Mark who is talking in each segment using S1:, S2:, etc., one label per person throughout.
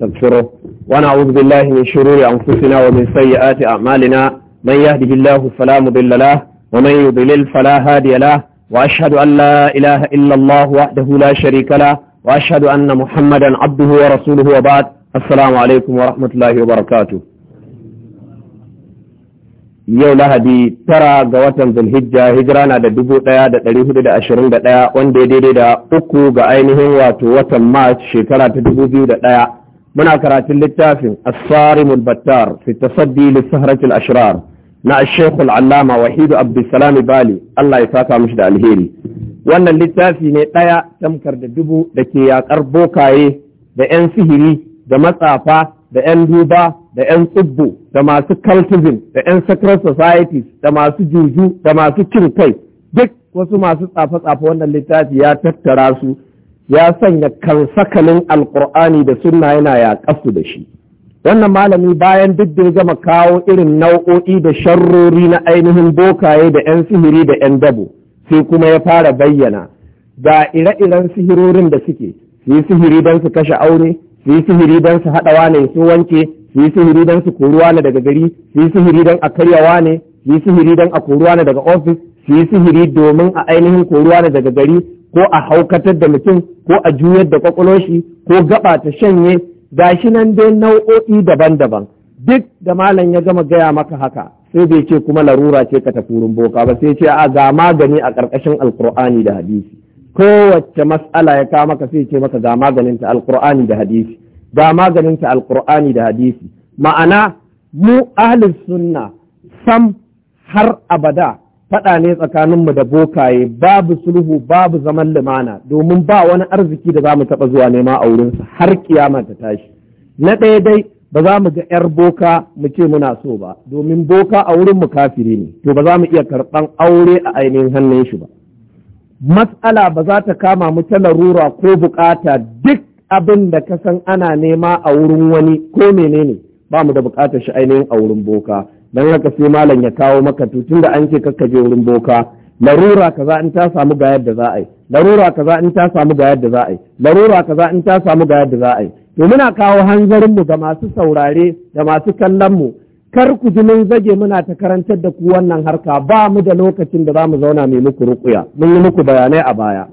S1: ونستغفره ونعوذ بالله من شرور أنفسنا ومن سيئات أعمالنا من يهده الله فلا مضل له ومن يضلل فلا هادي له وأشهد أن لا إله إلا الله وحده لا شريك له وأشهد أن محمدا عبده ورسوله وبعد السلام عليكم ورحمة الله وبركاته yau lahadi tara ga watan zulhijja hijira na da dubu daya da dari hudu da ashirin da daya wanda ya daidai da uku ga ainihin wato watan march shekara ta dubu biyu da daya muna karatun littafin as battar fi tasaddi li ashrar na Sheikh al-Allama Wahidu Abdulsalam Bali Allah ya saka mishi da alheri wannan littafi ne ɗaya tamkar da dubu da ke yaƙar bokaye da 'yan sihiri da matsafa da 'yan duba da 'yan tsubbu da masu cultism da 'yan secret societies da masu juju da masu cin kai duk wasu masu tsafe-tsafe wannan littafi ya tattara su ya sanya kansakalin alkur'ani da sunna yana yaƙasu da shi wannan malami bayan duk da ya gama kawo irin nau'o'i da sharrori na ainihin bokaye da 'yan sihiri da 'yan dabo sai kuma ya fara bayyana ga ire-iren sihirorin da suke su yi sihiri don su kashe aure su yi sihiri don su haɗa wane su wanke su yi sihiri don su kori wane daga gari su yi sihiri don a karya wane su yi sihiri don a kori wane daga ofis su yi sihiri domin a ainihin kori wane daga gari ko a haukatar da mutum ko a juyar da kwakwalwar ko gaba ta shanye gashi nan dai nau'o'i daban-daban duk da malam ya gama gaya maka haka sai bai ce kuma larura ce ka tafi wurin boka ba sai ce a ga magani a ƙarƙashin alkur'ani da hadisi kowace mas'ala ya kawo maka sai ce maka ga maganin ta alkur'ani da hadisi ga maganin ta alkur'ani da hadisi ma'ana mu ahlus sunna sam har abada faɗa ne tsakaninmu da bokaye babu sulhu babu zaman lumana domin ba wani arziki da za mu taɓa zuwa nema a wurinsa har kiyama ta tashi na ɗaya dai ba za mu ga 'yar boka mu ce muna so ba domin boka a wurinmu kafiri ne to ba za mu iya karɓan aure a ainihin hannun shi ba matsala ba za ta kama mu ta larura ko bukata duk abin da ka san ana nema a wurin wani ko menene ba mu da bukatar shi ainihin a wurin boka don haka sai malam ya kawo maka to da an ce kakka je wurin boka larura kaza in ta samu ga yadda za a yi larura kaza in ta samu ga yadda za a yi larura kaza in ta samu ga yadda za a yi to muna kawo hanzarin mu ga masu saurare da masu kallon mu kar ku ji mun zage muna ta karantar da ku wannan harka ba mu da lokacin da za mu zauna mai muku rukuya mun yi muku bayanai a baya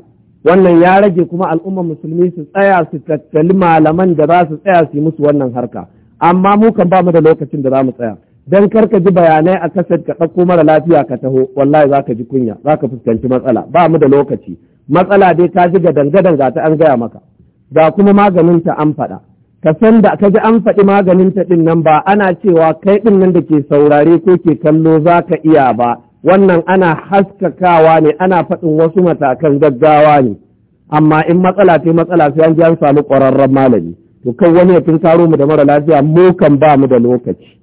S1: wannan ya rage kuma al'ummar musulmi su tsaya su tattali malaman da za su tsaya su yi musu wannan harka amma mu kan ba mu da lokacin da za mu tsaya dan kar ka ji bayanai a kasar ka ɗauko mara lafiya ka taho wallahi za ka ji kunya za ka fuskanci matsala ba mu da lokaci matsala dai ka ji ga danga ta an gaya maka ga kuma maganin ta an faɗa ka san da ka ji an faɗi maganin ta ɗin nan ba ana cewa kai ɗin nan da ke saurare ko ke kallo za ka iya ba wannan ana haskakawa ne ana faɗin wasu matakan gaggawa ne amma in matsala ce matsala sai an ji an samu ƙwararren malami to kai wani ya tunkaro mu da mara lafiya mu kan ba mu da lokaci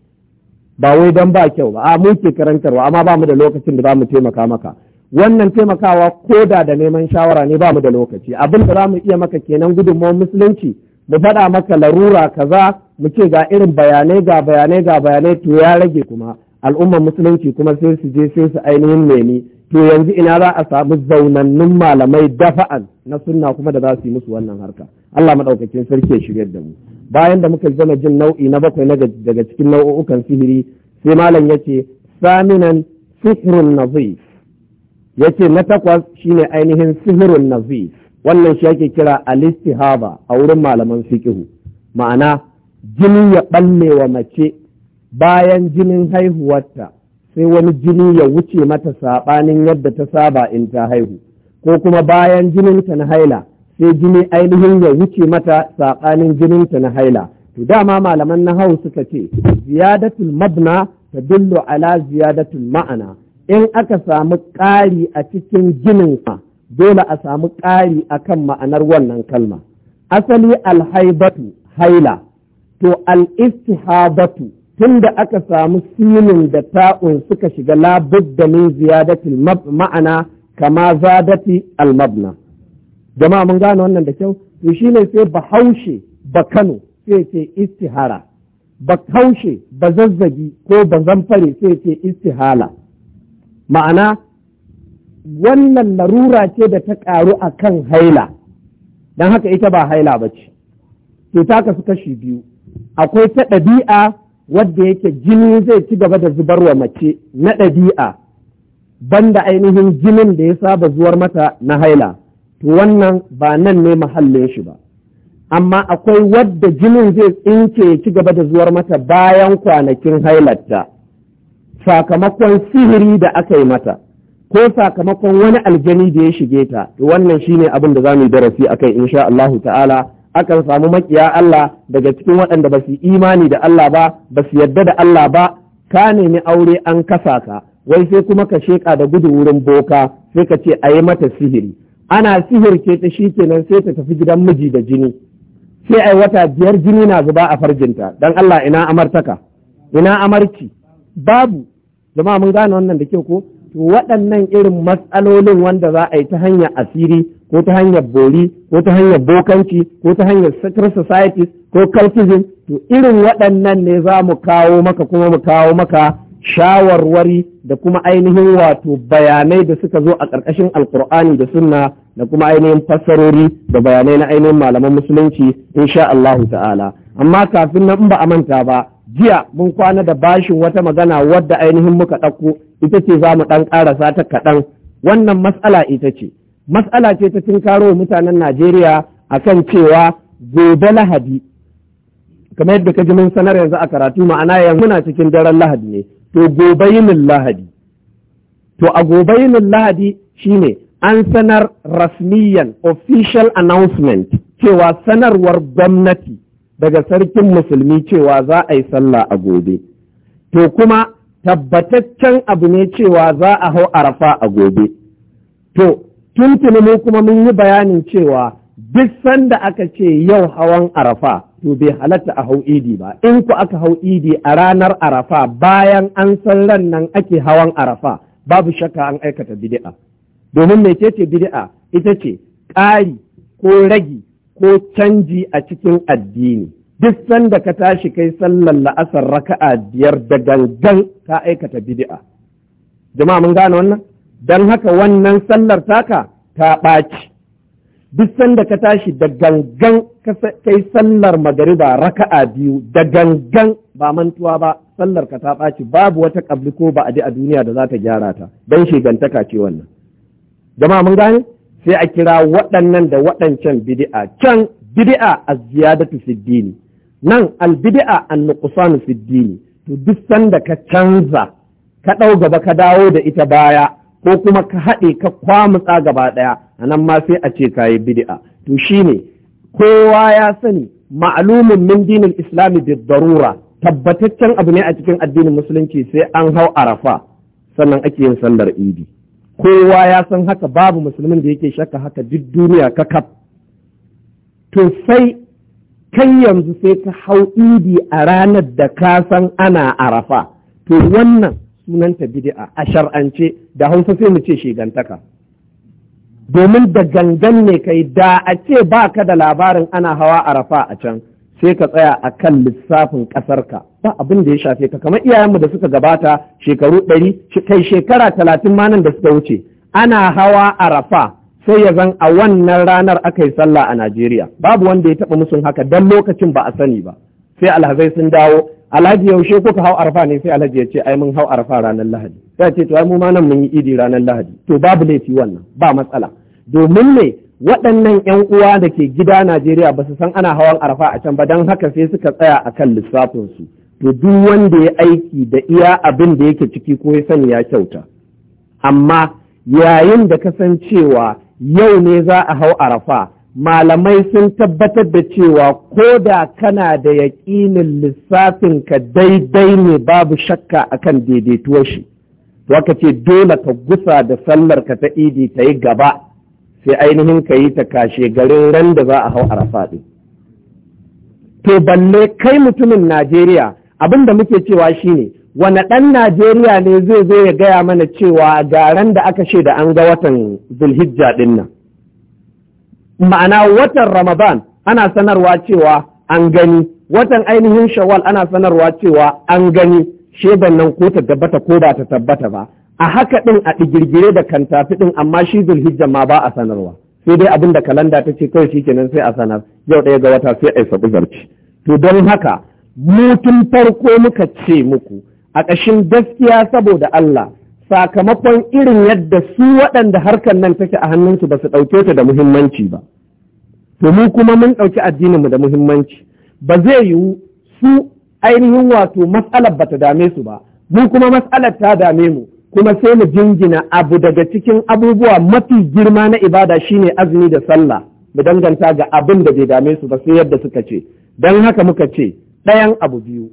S1: ba wai don ba kyau ba a muke ke karantarwa amma ba mu da lokacin da za mu taimaka maka wannan taimakawa ko da da neman shawara ne ba mu da lokaci abin da za mu iya maka kenan gudunmawar musulunci mu faɗa maka larura kaza mu ce ga irin bayanai ga bayanai ga bayanai to ya rage kuma al'ummar musulunci kuma sai su je sai su ainihin nemi to yanzu ina za a samu zaunannun malamai dafa'an na sunna kuma da za su yi musu wannan harka Allah maɗaukakin sarki ya shigar da mu bayan da muka gama jin nau'i na bakwai daga cikin nau'ukan sihiri sai malam ya ce saminan sihirun nazif ya ce na takwas shine ainihin sihirun nazif wannan shi ake kira alistihaba a wurin malaman fiqihu ma'ana jini ya balle wa mace bayan jinin haihuwarta sai wani jini ya wuce mata saɓanin yadda ta saba in ta haihu ko kuma bayan jinin jininta na haila sai jini ainihin ya wuce mata saƙanin jininta na haila to dama malaman nahau suka ce ziyadatul mabna tadullu ala ziyadatul ma'ana in aka samu ƙari a cikin jininsa dole a samu ƙari kan ma'anar wannan kalma asali alhaibatu haila to al'istihabatu tunda aka samu sinin da ta'un suka shiga labudda min ziyadatul ma'ana kama zadati al-mabna jama'a mun gane wannan da kyau to shine sai bahaushe ba Kano sai ce istihara ba haushe ba zazzagi ko ba zamfare sai ce istihala ma'ana wannan larura ce da ta ƙaru a kan haila don haka ita ba haila ba ce taka kasu kashi biyu akwai ta ɗabi'a wadda yake jini zai ci gaba da zubarwa mace na ɗabi'a banda ainihin jinin da ya saba zuwar mata na haila to wannan ba nan ne mahallin shi ba amma akwai wadda jinin zai tsinke ya ci gaba da zuwar mata bayan kwanakin hailatta sakamakon sihiri da aka yi mata ko sakamakon wani aljani da ya shige ta to wannan shine abin da za mu yi darasi akai insha Allah ta'ala akan samu makiya Allah daga cikin waɗanda ba su imani da Allah ba ba su yadda da Allah ba ka nemi aure an kasa ka wai sai kuma ka sheka da gudu wurin boka sai ka ce a yi mata sihiri ana ke ta shi kenan sai ta tafi gidan miji da jini sai ai wata biyar jini na zuba a farjinta dan Allah ina amartaka ina amarki babu jama'a mun gane wannan da kyau ko waɗannan irin matsalolin wanda za a yi ta hanyar asiri ko ta hanyar bori ko ta hanyar bokanci ko ta hanyar secret societies ko cultism to irin waɗannan ne za mu kawo maka kuma mu kawo maka shawarwari da kuma ainihin wato bayanai da suka zo a ƙarƙashin alkur'ani da sunna da kuma ainihin fassarori da bayanai na ainihin malaman musulunci insha Allahu ta'ala amma kafin nan ba a manta ba jiya mun kwana da bashin wata magana wadda ainihin muka ɗauko ita ce za mu ɗan ƙarasa ta kaɗan wannan matsala ita ce matsala ce ta tunkaro mutanen Najeriya akan cewa gobe Lahadi kamar yadda ka ji mun sanar yanzu a karatu ma'ana yanzu muna cikin daren Lahadi ne to gobe yinin lahadi to a gobe yinin lahadi shine an sanar rasmiyan official announcement cewa sanarwar gwamnati daga sarkin musulmi cewa za a yi sallah a gobe to kuma tabbataccen abu ne cewa za a hau arafa a gobe to tuntuni mu kuma mun yi bayanin cewa duk sanda aka ce yau hawan arafa to bai halatta a hau idi ba in ku aka hau idi a ranar arafa bayan an san ran nan ake hawan arafa babu shakka an aikata bid'a domin ce bid'a ita ce ƙari ko ragi ko canji a cikin addini duk sanda ka tashi kai sallar la'asar raka'a biyar da gangan ka aikata bid'a jama'a mun gane wannan don haka wannan sallar taka ta ɓaci duk sanda ka tashi da gangan kai sallar magariba raka'a biyu da gangan ba mantuwa ba sallar ka ta ɓaci babu wata ƙabli ko ba a a duniya da za ta gyara ta don shigantaka ce wannan Gama mun gane sai a kira waɗannan da waɗancan bidi'a can bidi'a a ziyadatu siddini nan albidi'a an nuqsanu siddini to duk sanda ka canza ka ɗau gaba ka dawo da ita baya ko kuma ka haɗe ka kwamutsa gaba ɗaya a nan ma sai a ce ka yi bid'a to shi ne kowa ya sani ma'alumin min dinin islami da darura tabbataccen abu ne a cikin addinin musulunci sai an hau arafa sannan ake yin sallar idi kowa ya san haka babu musulmin da yake shakka haka duk duniya kakaf to sai kan yanzu sai ka hau idi a ranar da ka san ana arafa to wannan sunanta bid'a a shar'ance da hausa sai mu ce shigantaka domin da gangan ne kai da a ce ba ka da labarin ana hawa arafa a can sai ka tsaya a kan lissafin ƙasarka ba abin da ya shafe ka kamar iyayenmu da suka gabata shekaru ɗari kai shekara talatin manan da suka wuce ana hawa arafa sai ya zan a wannan ranar aka yi sallah a Najeriya babu wanda ya taɓa musun haka don lokacin ba a sani ba sai alhazai sun dawo alhaji yaushe kuka hau arfa ne sai alhaji ya ce ai mun hau arfa ranar lahadi sai ce to ai mu ma nan mun yi idi ranar lahadi to babu laifi wannan ba matsala domin ne waɗannan 'yan uwa da ke gida Najeriya ba su san ana hawan arfa a can ba dan haka sai suka tsaya a kan su To duk wanda ya aiki da iya abin da yake ciki ko ya sani ya kyauta. Amma yayin da kasancewa yau ne za a hau arafa malamai sun tabbatar da cewa ko da kana da yaƙinin lissafin ka daidai ne babu shakka akan daidaituwar shi to aka ce dole ka gusa da sallar ka ta idi ta yi gaba sai ainihin ka yi ta kashe garin ran da za a hau arafa ɗin to balle kai mutumin najeriya abin da muke cewa shi ne, wane ɗan najeriya ne zai zo ya gaya mana cewa garan da aka ce da an ga watan zulhijja ɗin nan ma'ana watan Ramadan ana sanarwa cewa an gani watan ainihin Shawwal ana sanarwa cewa an gani shedan nan ko ta tabbata ko ba ta tabbata ba a haka ɗin a digirgire da kantafi ɗin amma shi zulhijja ma ba a sanarwa sai dai abin da kalanda ta ce kawai shikenan sai a sanar yau ɗaya ga wata sai a yi sabu zarci to don haka mutum farko muka ce muku a ƙashin gaskiya saboda Allah sakamakon irin yadda su waɗanda harkar nan take a hannunsu ba su ɗauke ta da muhimmanci ba to mu kuma mun ɗauki addininmu da muhimmanci ba zai yiwu su ainihin wato matsalar ba ta dame su ba mu kuma matsalar ta dame mu kuma sai mu jingina abu daga cikin abubuwa mafi girma na ibada shine azumi da sallah mu danganta ga abin da bai dame su ba sai yadda suka ce don haka muka ce ɗayan abu biyu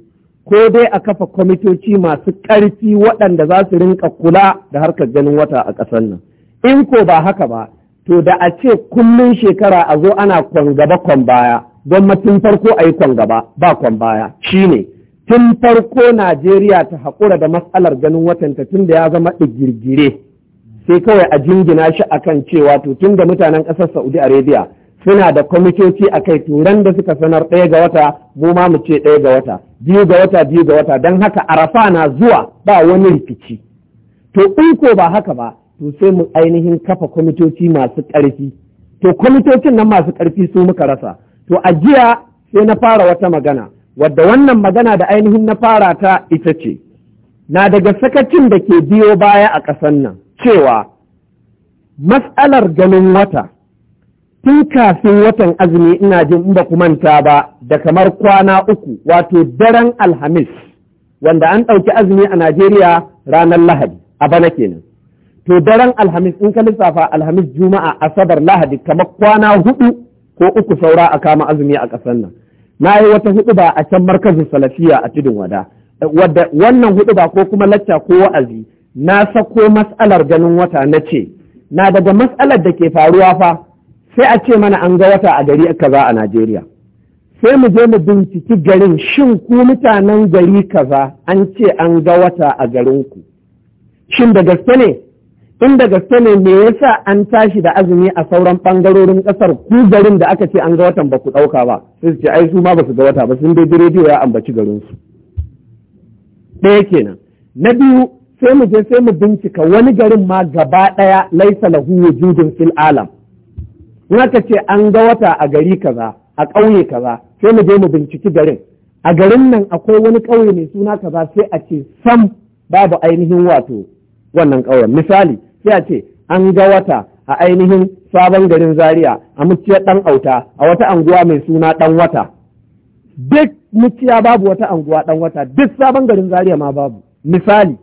S1: ko dai a kafa kwamitoci masu ƙarfi waɗanda za su rinka kula da harkar ganin wata a ƙasar nan in ko ba haka ba to da a ce kullum shekara a zo ana kwan gaba kwan baya tun farko a yi kwan gaba ba kwan baya ne, tun farko najeriya ta haƙura da matsalar ganin watanta tun da ya zama ɗigirgire sai kawai a jingina shi akan cewa to tun da mutanen ƙasar saudi arabia suna da kwamitoci a kai turan da suka sanar ɗaya ga wata mu ma mu ce ɗaya ga wata biyu ga wata biyu ga wata don haka arafa na zuwa ba wani rikici to in ko ba haka ba to sai mu ainihin kafa kwamitoci masu ƙarfi to kwamitocin nan masu ƙarfi su muka rasa to a jiya sai na fara wata magana wadda wannan magana da ainihin na fara ta ita ce na daga sakacin da ke biyo baya a ƙasan nan cewa matsalar ganin wata tun kafin watan azumi ina jin in ba ku manta ba da kamar kwana uku wato daren alhamis wanda an ɗauki azumi a Najeriya ranar Lahadi a bana kenan. To daren alhamis in ka lissafa alhamis juma'a asabar lahadi kamar kwana hudu ko uku saura a kama azumi a ƙasar nan. Na yi wata hudu ba a can markazin salafiya a tudun wada. Wadda wannan hudu ba ko kuma lacca ko wa'azi na sako mas'alar ganin wata na ce. Na daga mas'alar da ke faruwa fa sai a ce mana an ga wata a gari kaza a Najeriya sai mu je mu binciki garin shin ku mutanen gari kaza an ce an ga wata a garinku shin da gaske ne in da gaske ne me yasa an tashi da azumi a sauran bangarorin kasar ku garin da aka ce an ga watan ba ku ɗauka ba sai su ce ai su ma ba su ga wata ba sun dai rediyo ya ambaci garinsu ɗaya kenan na biyu sai mu je sai mu bincika wani garin ma gaba ɗaya laisa lahu wujudun fil alam in aka ce an ga wata a gari kaza a ƙauye kaza sai mu je mu binciki garin a garin nan akwai wani ƙauye mai suna kaza sai a ce sam babu ainihin wato wannan ƙauyen misali sai a ce an ga wata a ainihin sabon garin zaria a muciya ɗan auta a wata anguwa mai suna ɗan wata duk muciya babu wata anguwa ɗan wata duk sabon garin zaria ma babu misali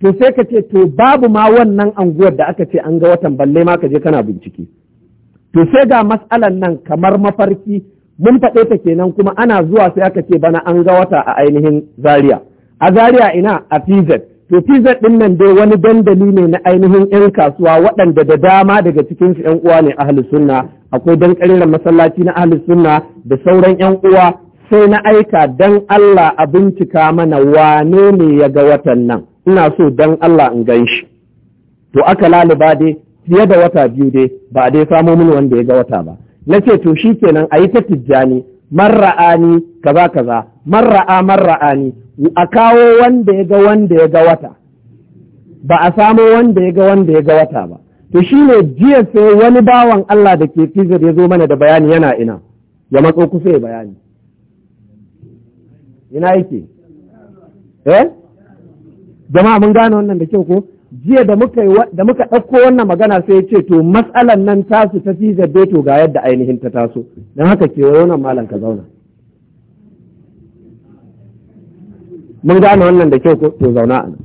S1: to sai ka ce to babu ma wannan anguwar da aka ce an ga watan balle ma ka je kana bincike to sai ga matsalan nan kamar mafarki mun faɗe ta kenan kuma ana zuwa sai aka ce bana an ga wata a ainihin zaria a zaria ina a pz to pz din nan dai wani dandali ne na ainihin yan kasuwa waɗanda da dama daga cikin su yan uwa ne ahli sunna akwai dan ƙariran masallaci na ahli sunna da sauran yan uwa sai na aika dan Allah a bincika mana wa ne ya ga watan nan ina so dan Allah in gan shi to aka laliba dai fiye da wata biyu dai ba dai samo mini wanda ya ga wata ba na ce to shi kenan a yi ta tijjani ni kaza kaza marra'a ra'ani. a kawo wanda ya ga wanda ya ga wata ba a samo wanda ya ga wanda ya ga wata ba to shi ne jiya sai wani bawan Allah da ke fizir ya zo mana da bayani yana ina ya matso kusa ya bayani ina yake eh jama'a mun gane wannan da kyau ko jiya da muka ɗauko wannan magana sai ya ce to matsalan nan tasu ta fi zabe to ga yadda ainihin ta taso don haka ke wannan malam ka zauna mun gane wannan da kyau to zauna a nan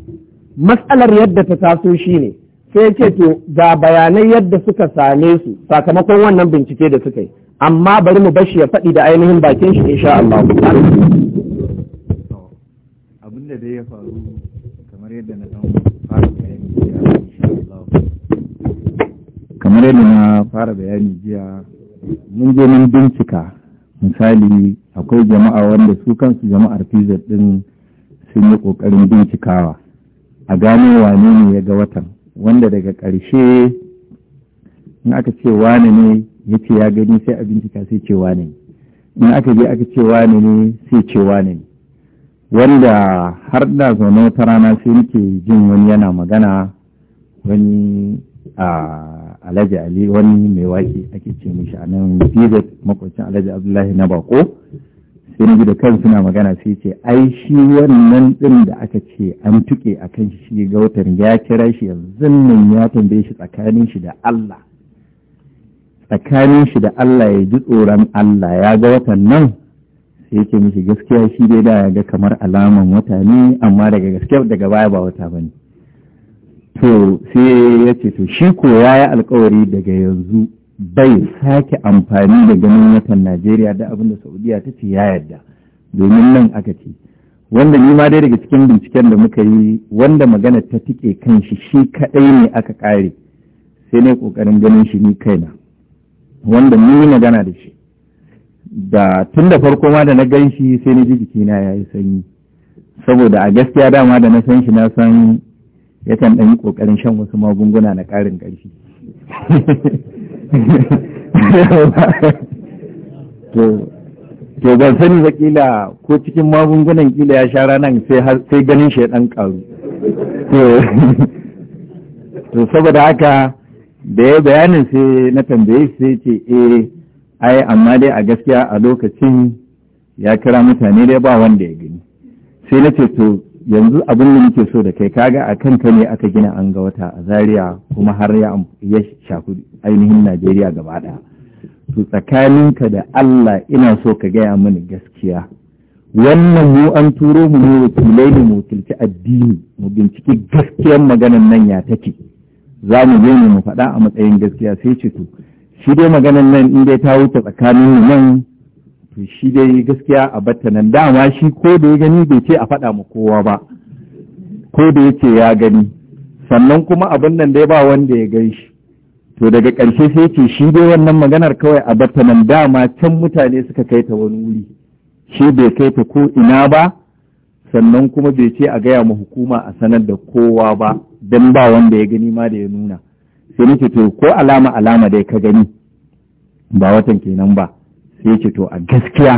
S1: matsalar yadda ta taso shine sai ya ce to ga bayanai yadda suka same su sakamakon wannan bincike da suka yi amma bari mu bashi ya faɗi da ainihin bakin shi in insha Allah
S2: kamar yadda na fara bayani jiya mun je mun bincika misali akwai jama'a wanda su kansu jama'ar pz din sun yi kokarin bincikawa a gano wane ne ya ga watan wanda daga ƙarshe in aka ce wane ne ya ce ya gani sai a bincika sai ce wane ne in aka je aka ce wane ne sai ce wane ne wanda har da zaune wata rana sai nake jin wani yana magana wani a ah, alhaji ali wani mai wake ake ce mishi a nan fizet makwacin alhaji abdullahi na bako sai ni da kan suna magana sai ce ai shi wannan din da aka ce an tuke a kan shi gautar ya kira shi yanzu nan ya tambaye shi tsakanin shi da allah tsakanin shi da allah ya ji tsoron allah ya ga watan nan sai yake mishi gaskiya shi dai da ya ga kamar alaman wata ne amma daga gaskiya daga baya ba wata bane to sai ya ce to shi ko ya yi alkawari daga yanzu bai sake amfani da ganin watan Najeriya da abin da Saudiya ta ce ya yarda domin nan aka ce wanda ni ma dai daga cikin binciken da muka yi wanda magana ta tike kan shi shi kadai ne aka kare sai ne kokarin ganin shi ni kaina wanda ni magana da shi da tun da farko ma da na gan shi sai ni ji jikina ya yi sanyi saboda a gaskiya dama da na san shi na san yakan ɗan yi ƙoƙarin shan wasu magunguna na ƙarin ƙarfi to ban sani ba ƙila ko cikin magungunan ƙila ya sha ranar sai ganin shi ya ɗan ƙaru to saboda haka da ya bayanin sai na tambaye sai ce e ai amma dai a gaskiya a lokacin ya kira mutane dai ba wanda ya gani sai na ce to yanzu abin da muke so da kai kaga a kan ne aka gina an ga wata a Zariya kuma har ya shafi ainihin najeriya gaba ɗaya to tsakaninka da allah ina so ka gaya mini gaskiya wannan mu an turo mu ne wakilai ne mu wakilci addini mu binciki gaskiyar maganan nan ya take za mu je mu faɗa a matsayin gaskiya sai ce to shi dai maganan nan in dai ta wuce tsakanin nan to shi dai gaskiya a batta dama shi ko da ya gani bai ce a faɗa mu kowa ba ko da ya ce ya gani sannan kuma abin nan dai ba wanda ya gan shi to daga ƙarshe sai ce shi dai wannan maganar kawai a batta dama can mutane suka kai ta wani wuri shi bai kai ta ko ina ba sannan kuma bai ce a gaya ma hukuma a sanar da kowa ba don ba wanda ya gani ma da ya nuna sai nake to ko alama alama dai ka gani ba watan kenan ba sai ce to a gaskiya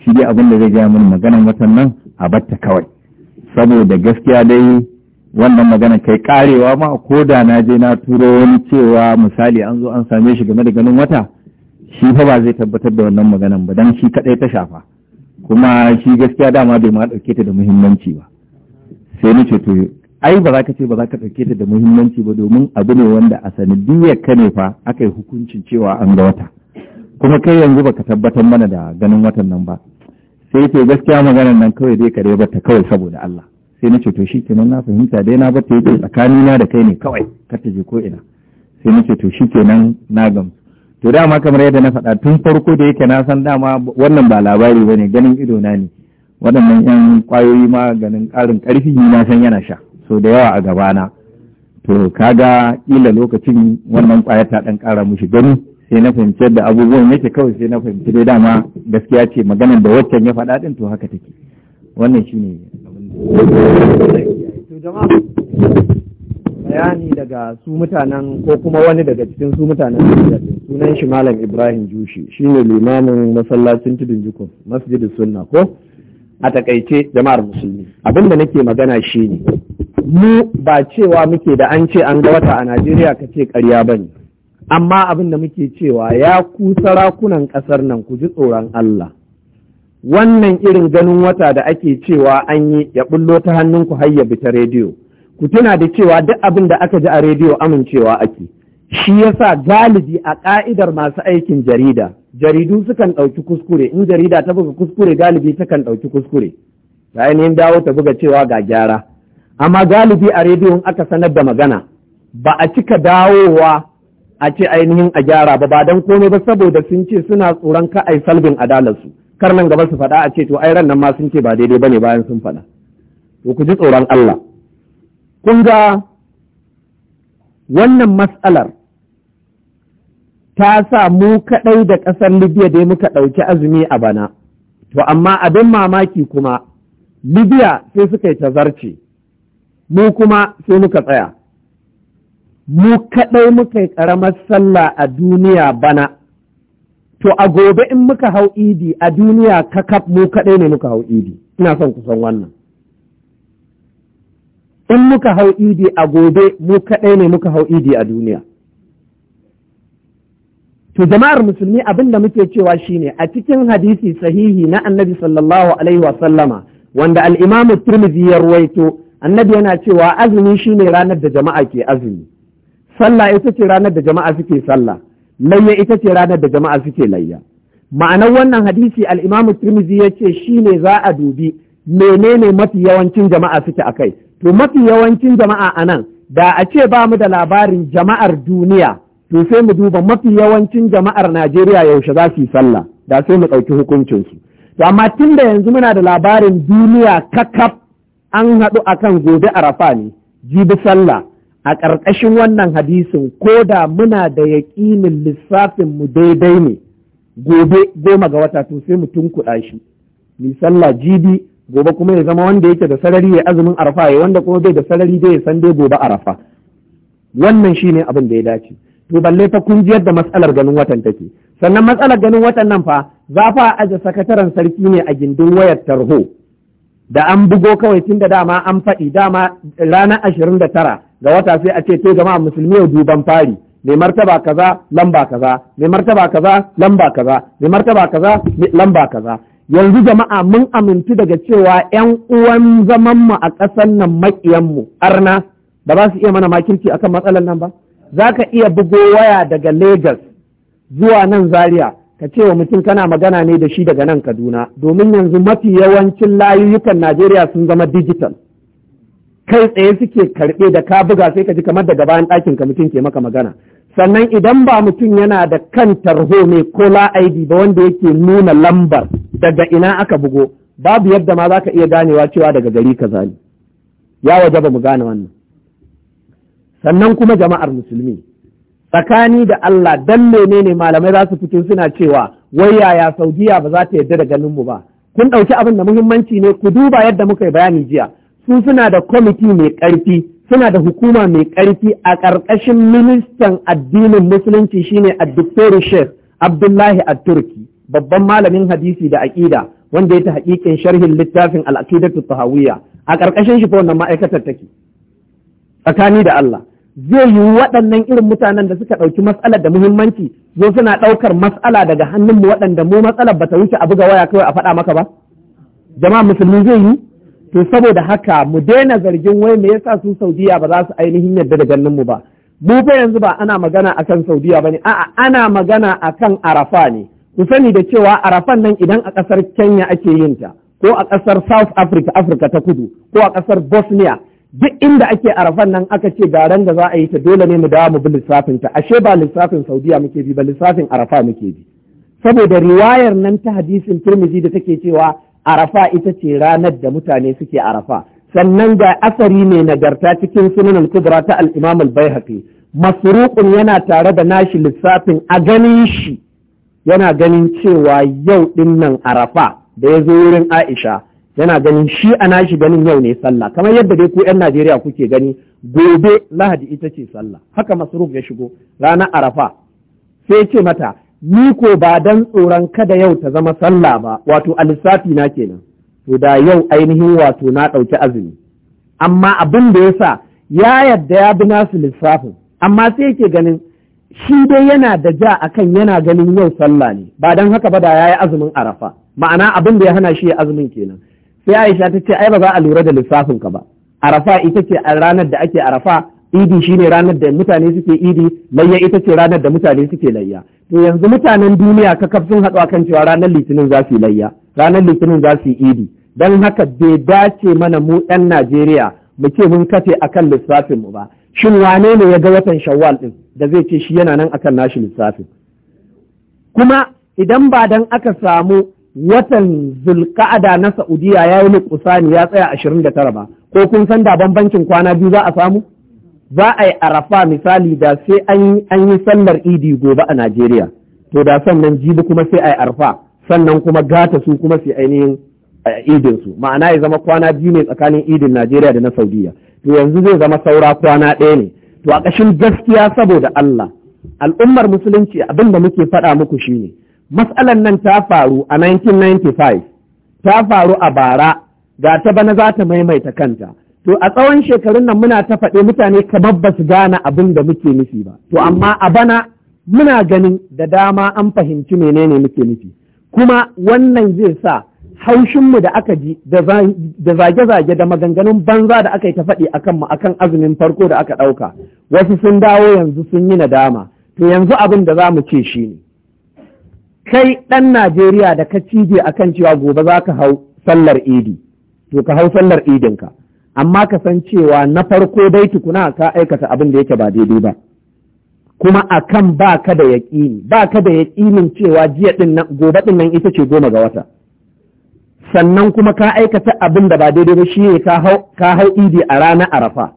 S2: shi dai abin da zai gaya mini maganan watan nan a batta kawai saboda gaskiya dai wannan magana kai karewa ma ko da na je na turo wani cewa misali an zo an same shi game da ganin wata shi fa ba zai tabbatar da wannan maganan ba dan shi kadai ta shafa kuma shi gaskiya dama bai ma dauke ta da muhimmanci ba sai ni ce to ai ba za ka ce ba za ka dauke ta da muhimmanci ba domin abu ne wanda a sanadiyar ka ne fa aka yi hukuncin cewa an ga wata kuma kai yanzu baka tabbatar mana da ganin watan nan ba sai ce gaskiya maganar nan kawai dai kare bata kawai saboda Allah sai na ce to kenan na fahimta dai na bata yake tsakani na da kai ne kawai kar ta je ko ina sai na ce to kenan na gamsu to dama kamar yadda na faɗa tun farko da yake na san dama wannan ba labari bane ganin ido na ne waɗannan yan kwayoyi ma ganin ƙarin ƙarfi na san yana sha so da yawa a gabana to kaga ƙila lokacin wannan ƙwayar ta ɗan ƙara mushi gani sai na fahimci yadda abubuwan yake kawai sai na fahimci dai dama gaskiya ce maganar da waccan ya faɗa ɗin to haka take wannan shine
S1: bayani daga su mutanen ko kuma wani daga cikin su mutanen sunan shi malam ibrahim jushi shine limamin masallacin tudun jikun masjidin sunna ko a takaice jama'ar musulmi abinda nake magana shi ne mu ba cewa muke da an ce an ga wata a najeriya ka ce karya ba ne. amma abin da muke cewa ya ku sarakunan ƙasar nan ku ji tsoron Allah wannan irin ganin wata da ake cewa an yi ya bullo ta hannunku har ya bi ta rediyo ku tuna da cewa duk abin da aka ji a rediyo amincewa ake shi yasa galibi a ƙa'idar masu aikin jarida jaridu sukan ɗauki kuskure in jarida ta buga kuskure galibi takan ɗauki kuskure ta ainihin dawo ta buga cewa ga gyara amma galibi a rediyon aka sanar da magana ba a cika dawowa a ce ainihin a gyara ba ba don komai ba saboda sun ce suna tsoron ka'ai ai salbin adalarsu kar nan gaba su faɗa a ce to ai ran nan ma sun ce ba daidai bane bayan sun faɗa to ku ji tsoron Allah kun ga wannan matsalar ta sa mu kaɗai da ƙasar Libya dai muka ɗauki azumi a bana to amma abin mamaki kuma Libya sai suka yi tazarci mu kuma sai muka tsaya mu kaɗai muka yi ƙaramar sallah a duniya bana to a gobe in muka hau idi a duniya kakaf mu kaɗai ne muka hau idi ina son kusan wannan in muka hau idi a gobe mu kaɗai ne muka hau idi a duniya to jama'ar musulmi abin da muke cewa shine a cikin hadisi sahihi na annabi sallallahu alaihi sallama wanda al'imamu turmizi ya ruwaito annabi yana cewa azumi shine ranar da jama'a ke azumi sallah ita ce ranar da jama'a suke sallah layya ita ce ranar da jama'a suke layya ma'anar wannan hadisi al-imam tirmidhi yace shine za a dubi menene mafi yawancin jama'a suke akai to mafi yawancin jama'a anan da a ce ba mu da labarin jama'ar duniya to sai mu duba mafi yawancin jama'ar Najeriya yaushe za su yi sallah da sai mu ɗauki hukuncinsu to amma tun da yanzu muna da labarin duniya kakaf an haɗu akan gobe arafa ne jibi sallah a ƙarƙashin wannan hadisin ko da muna da yaƙinin lissafin mu daidai ne gobe goma ga wata to sai mutum kuɗa shi mi jibi gobe kuma ya zama wanda yake da sarari ya azumin arafa ya wanda kuma bai da sarari dai ya san dai gobe arafa wannan shine abin da ya dace to balle fa kun jiyar da matsalar ganin watan take sannan matsalar ganin watan nan fa za fa aje sakataren sarki ne a gindin wayar tarho da an bugo kawai tun da dama an faɗi dama ranar ashirin da tara ga wata sai a ce to jama'a musulmi ya duban fari mai martaba kaza lamba kaza mai martaba kaza lamba kaza mai martaba kaza lamba kaza yanzu jama'a mun amintu daga cewa yan uwan zaman mu a ƙasar nan makiyan mu arna ba za su iya mana makirci akan matsalar nan ba zaka iya bugo waya daga Lagos zuwa nan Zaria ka ce wa mutum kana magana ne da shi daga nan Kaduna domin yanzu mafi yawancin layuyukan Najeriya sun zama digital kai tsaye suke karɓe da ka buga sai ka ji kamar daga bayan ɗakin ka mutum ke maka magana sannan idan ba mutum yana da kan tarho mai kola ID ba wanda yake nuna lambar daga ina aka bugo babu yadda ma za ka iya ganewa cewa daga gari kaza ne ya waje ba mu gane wannan sannan kuma jama'ar musulmi tsakani da Allah dan menene malamai za su fito suna cewa wai yaya Saudiya ba za ta yarda da ganin mu ba kun ɗauki abin da muhimmanci ne ku duba yadda muka yi bayani jiya su suna da kwamiti mai ƙarfi suna da hukuma mai ƙarfi a ƙarƙashin ministan addinin musulunci shine addoktor sheikh abdullahi at-turki babban malamin hadisi da aƙida wanda ya ta haƙiƙin sharhin littafin al-aqidatu a ƙarƙashin shi fa wannan ma'aikatar take tsakani da Allah zai yi waɗannan irin mutanen da suka ɗauki matsalar da muhimmanci zo suna ɗaukar matsala daga hannunmu waɗanda mu matsalar ba ta wuce a buga waya kawai a faɗa maka ba jama'a musulmi zai yi to saboda haka mu daina zargin wai me yasa su saudiya ba za su ainihin yadda da ganin mu ba mu fa yanzu ba ana magana akan saudiya bane a'a ana magana akan arafa ne ku sani da cewa arafan nan idan a ƙasar kenya ake yin ta ko a ƙasar south africa africa ta kudu ko a ƙasar bosnia duk inda ake arafan nan aka ce ga ran da za a yi ta dole ne mu dawo mu bi lissafin ta ashe ba lissafin saudiya muke bi ba lissafin arafa muke bi saboda riwayar nan ta hadisin turmizi da take cewa arafa ita ce ranar da mutane suke arafa sannan ga asari ne nagarta cikin sunan kubra ta al-imam al-baihaqi masruqun yana tare da nashi lissafin a ganin shi yana ganin cewa yau din arafa da yazo wurin aisha yana ganin shi a nashi ganin yau ne sallah kamar yadda dai ku yan Najeriya kuke gani gobe Lahadi ita ce sallah haka Masruf ya shigo ranar Arafa sai ce mata ni ko ba dan tsoron kada yau ta zama sallah ba wato alisafi na kenan to da yau ainihin wato na ɗauki azumi amma abin da ya sa ya yadda ya bi nasu lissafin amma sai yake ganin shi dai yana da ja akan yana ganin yau sallah ne ba dan haka ba da ya yi azumin arafa ma'ana abin da ya hana shi ya azumin kenan sai aisha ta ce ai ba za a lura da lissafin ka ba arafa ita ce a ranar da ake arafa idi shine ranar da mutane suke idi layya ita ce ranar da mutane suke layya to yanzu mutanen duniya ka kaf sun haɗu kan cewa ranar litinin za su layya ranar litinin za su idi Dan haka bai dace mana mu ɗan najeriya mu ce mun kafe akan lissafin mu ba shin wane ne ya ga watan shawwal din da zai ce shi yana nan akan nashi lissafin kuma idan ba dan aka samu watan zulka'ada na Saudiyya ya yi nukusani ya tsaya ashirin da tara ba ko kun san da bambancin kwana biyu za a samu za a yi arafa misali da sai an yi sallar idi gobe a Najeriya to da sannan jibi kuma sai a yi arafa sannan kuma gata su kuma sai ainihin eh, idin su ma'ana ya zama kwana biyu ne tsakanin idin Najeriya da na Saudiya to yanzu zai zama saura kwana ɗaya ne to a ƙashin gaskiya saboda Allah al'ummar musulunci abin da muke faɗa muku shine matsalan nan ta faru a 1995 ta faru a bara ga ta bana za ta maimaita kanta to a tsawon shekarun nan muna ta faɗe mutane kamar ba su gane abin da muke nufi ba to amma a bana muna ganin da dama an fahimci menene muke nufi kuma wannan zai sa haushinmu da aka ji da zage-zage da maganganun banza da aka yi ta faɗi a mu akan azumin farko da aka ɗauka wasu sun dawo yanzu sun yi nadama to yanzu abin da za mu ce shi ne kai ɗan Najeriya da ka cije a kan cewa gobe za ka hau sallar idi to ka hau sallar idinka amma ka san cewa na farko dai tukuna ka aikata abin da yake ba daidai ba kuma akan ba ka da yaƙini ba ka da yaƙinin cewa jiya ɗin nan gobe ɗin nan ita ce goma ga wata sannan kuma ka aikata abin da ba daidai ba shi ne ka hau idi a ranar arafa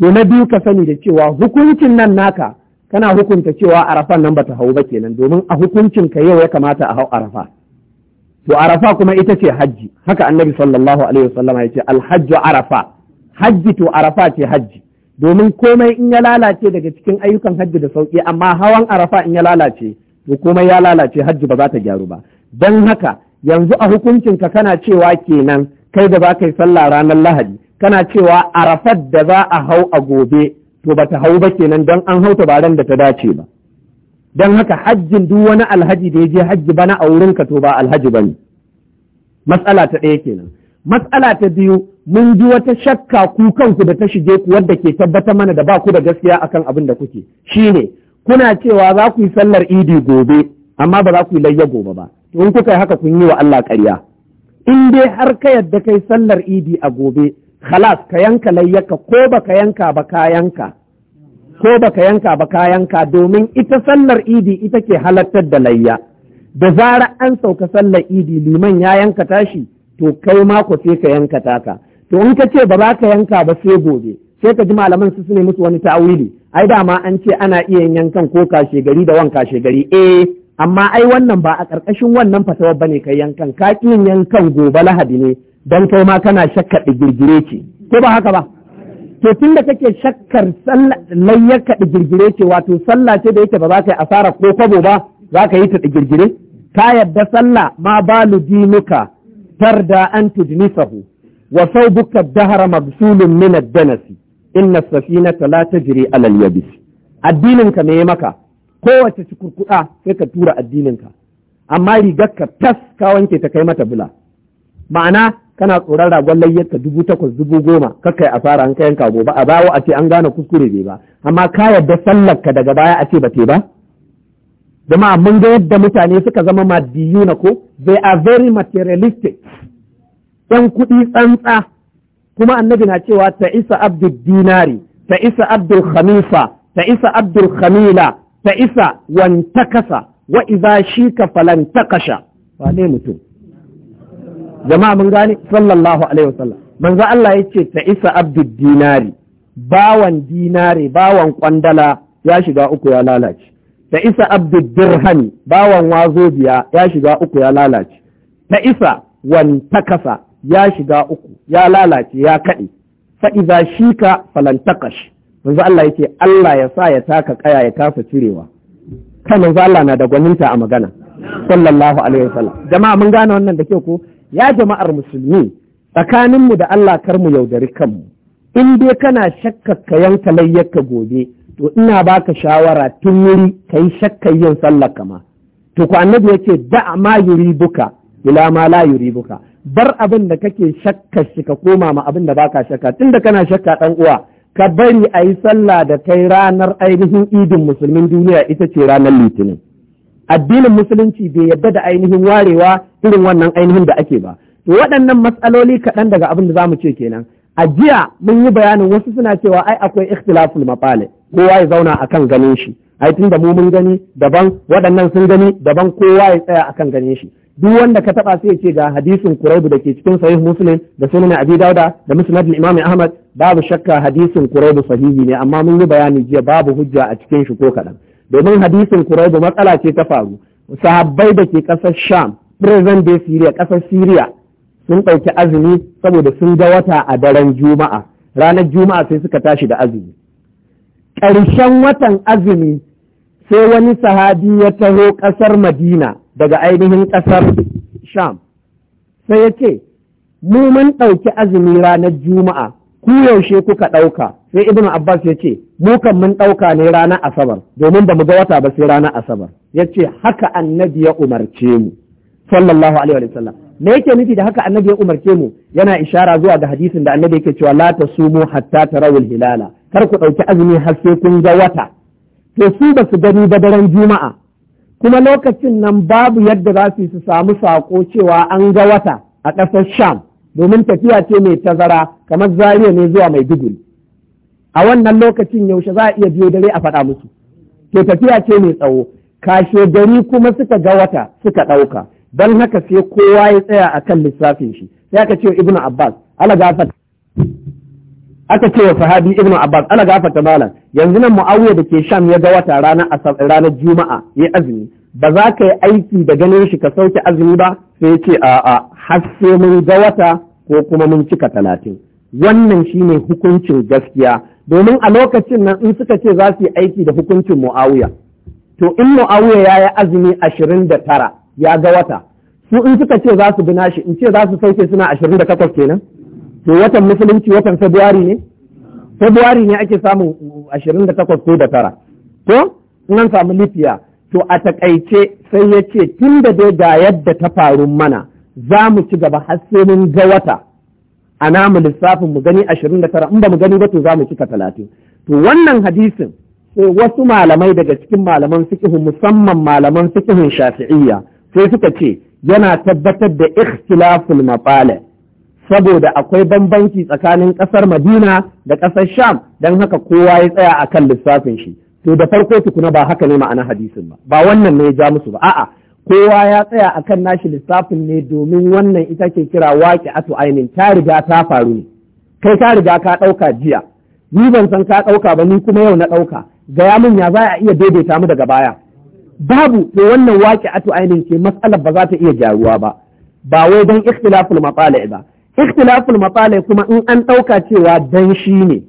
S1: to na biyu ka sani da cewa hukuncin nan naka kana hukunta cewa arafan nan bata hau ba kenan domin a hukuncin ka yau ya kamata a hau arafa to arafa kuma ita ce hajji haka annabi sallallahu alaihi wasallam ya ce alhajju arafa hajji to arafa ce hajji domin komai in ya lalace daga cikin ayyukan hajji da sauki amma hawan arafa in ya lalace to komai ya lalace hajji ba za ta gyaru ba dan haka yanzu a hukuncin ka kana cewa kenan kai da ba kai sallah ranar lahadi kana cewa arafat da za a hau a gobe to ba ta hau ba kenan don an hau tabaran da ta dace ba don haka hajjin duk wani alhaji da ya je hajji bana a wurinka to ba alhaji ba ne matsala ta ɗaya kenan matsala ta biyu mun ji wata shakka ku kanku da ta shige ku wadda ke tabbata mana da ba ku da gaskiya akan abin da kuke shine kuna cewa za ku yi sallar idi gobe amma ba za ku yi layya gobe ba to in kuka yi haka kun yi wa Allah ƙarya in dai har ka yadda kai sallar idi a gobe khalas ka yanka layyaka ko baka yanka ba ka yanka ko baka yanka ba ka yanka domin ita sallar idi ita ke halattar da layya da zara an sauka sallar idi liman ya yanka tashi to kai ma ku sai ka yanka taka to in ka ce ba za ka yanka ba sai gobe sai ka ji malaman su ne musu wani ta'awili ai dama an ce ana iya yin yankan ko kashe gari da wanka kashe gari eh amma ai wannan ba a ƙarƙashin wannan fatawar bane ka yankan ka yin yankan gobe lahadi ne don kai ma kana shakka digirgire ce ko ba haka ba to tun da kake shakkar layyarka digirgire ce wato sallah ce da yake ba za ka yi asara ko kwabo ba za ka yi ta digirgire ka yadda sallah ma balu dinuka tarda an tudnisahu wa dahar dahara mabsulun min danasi inna Safina, la tajri ala al-yabis addininka me maka kowace cikurkuɗa sai ka tura addininka amma ka tas ka wanke ta kai mata bula ma'ana kana tsoron ragon layyarka dubu takwas dubu goma kakai asara an kayan kago ba a bawo a ce an gane kuskure bai ba amma ka yarda sallarka daga baya a ce ba te ba jama'a mun ga yadda mutane suka zama madiyuna ko they are very materialistic yan kuɗi tsantsa kuma annabi na cewa ta isa abdul dinari ta isa abdul khamisa ta isa abdul khamila ta isa wantakasa wa idza shika falan takasha mutum jama'a mun gane sallallahu alaihi wasallam manzo Allah yace ta isa abdud dinari bawan dinare bawan kwandala ya shiga uku ya lalace ta isa abdud dirhami bawan wazobiya ya shiga uku ya lalace ta isa wan takasa ya shiga uku ya lalace ya kade fa idza shika falantakash manzo Allah yace Allah ya sa ya taka kaya ya kafa cirewa kai manzo Allah na da gwaninta a magana sallallahu alaihi wasallam jama'a mun gane wannan da kyau ko ya jama'ar musulmi tsakanin mu da Allah kar mu yaudari kanmu in dai kana shakka ka yanka layyarka gobe to ina baka shawara tun wuri kai shakka yin sallar kama to ku annabi yake da ma yuribuka ila ma la yuribuka bar abin da kake shakka shi ka koma ma abin da baka shakka tunda kana shakka dan uwa ka bari a yi sallah da kai ranar ainihin idin musulmin duniya ita ce ranar litinin addinin musulunci bai yadda da ainihin warewa irin wannan ainihin da ake ba to waɗannan matsaloli kaɗan daga abin da za mu ce kenan a jiya mun yi bayanin wasu suna cewa ai akwai ikhtilaful mafale kowa ya zauna akan ganin shi ai da mu mun gani daban waɗannan sun gani daban kowa ya tsaya akan ganin shi duk wanda ka taɓa sai ce ga hadisin Quraibu da ke cikin sahih Muslim da sunan Abi Dauda da Musnad Imam Ahmad babu shakka hadisin Quraibu sahihi ne amma mun yi bayani jiya babu hujja a cikin shi ko kaɗan. domin hadisin kuraibu matsala ce ta faru sahabbai da ke ƙasar sham present day syria ƙasar syria sun ɗauki azumi saboda sun ga wata a daren juma'a ranar juma'a sai suka tashi da azumi ƙarshen watan azumi sai wani sahabi ya taho ƙasar madina daga ainihin ƙasar sham sai ya ce mu mun ɗauki azumi ranar juma'a ku yaushe kuka ɗauka sai ibn abbas ya ce mu kan mun ɗauka ne ranar asabar domin ba mu ga wata ba sai ranar asabar ya ce haka annabi ya umarce mu sallallahu alaihi wa sallam me yake nufi da haka annabi ya umarce mu yana ishara zuwa ga hadisin da annabi yake cewa la tasumu hatta tarawul hilala kar ku ɗauki azumi har sai kun ga wata to su ba su gani ba daren juma'a kuma lokacin nan babu yadda za su samu saƙo cewa an ga wata a ƙasar sham domin tafiya ce mai tazara kamar zariya ne zuwa mai duguri a wannan lokacin yaushe za a iya biyo dare a faɗa musu to tafiya ce mai tsawo kashe gari kuma suka ga wata suka ɗauka don haka sai kowa ya tsaya a kan lissafin shi sai aka ce ibnu abbas ala gafata aka ce wa sahabi ibnu abbas ala gafata malam yanzu nan muawiya da ke sham ya ga wata ranar ranar juma'a ya azumi ba za ka yi aiki da ganin shi ka sauke azumi ba sai ce a'a har sai mun ga wata ko kuma mun cika talatin wannan shine hukuncin gaskiya domin a lokacin nan in suka ce za su yi aiki da hukuncin mu'awiya to in mu'awiya ya yi azumi ashirin da tara ya ga wata su in suka ce za su bina shi in ce za su sauke suna ashirin da takwas kenan to watan musulunci watan februari ne februari ne ake samun ashirin da takwas ko da tara to nan samu lifiya to a takaice sai ya ce tun da dai ga yadda ta faru mana za mu ci gaba har sai mun ga wata a namu lissafin mu gani ashirin da tara in ba mu gani ba to za mu cika talatin to wannan hadisin sai wasu malamai daga cikin malaman fikihun musamman malaman fikihun shafi'iyya sai suka ce yana tabbatar da ikhtilaful maqala saboda akwai bambanci tsakanin ƙasar Madina da ƙasar Sham don haka kowa ya tsaya akan lissafin shi to da farko tukuna ba haka ne ma'ana hadisin ba ba wannan ne ya ja musu ba a'a kowa ya tsaya akan nashi lissafin ne domin wannan ita ke kira waƙi ato ainin ta riga ta faru ne kai ta riga ka ɗauka jiya ni ban san ka ɗauka ba ni kuma yau na ɗauka gaya min ya za a iya daidaita mu daga baya babu to wannan waƙi ato ainin ce matsalar ba za ta iya jaruwa ba ba wai don ikhtilaful matsala ba ikhtilaful matsala kuma in an ɗauka cewa dan shi ne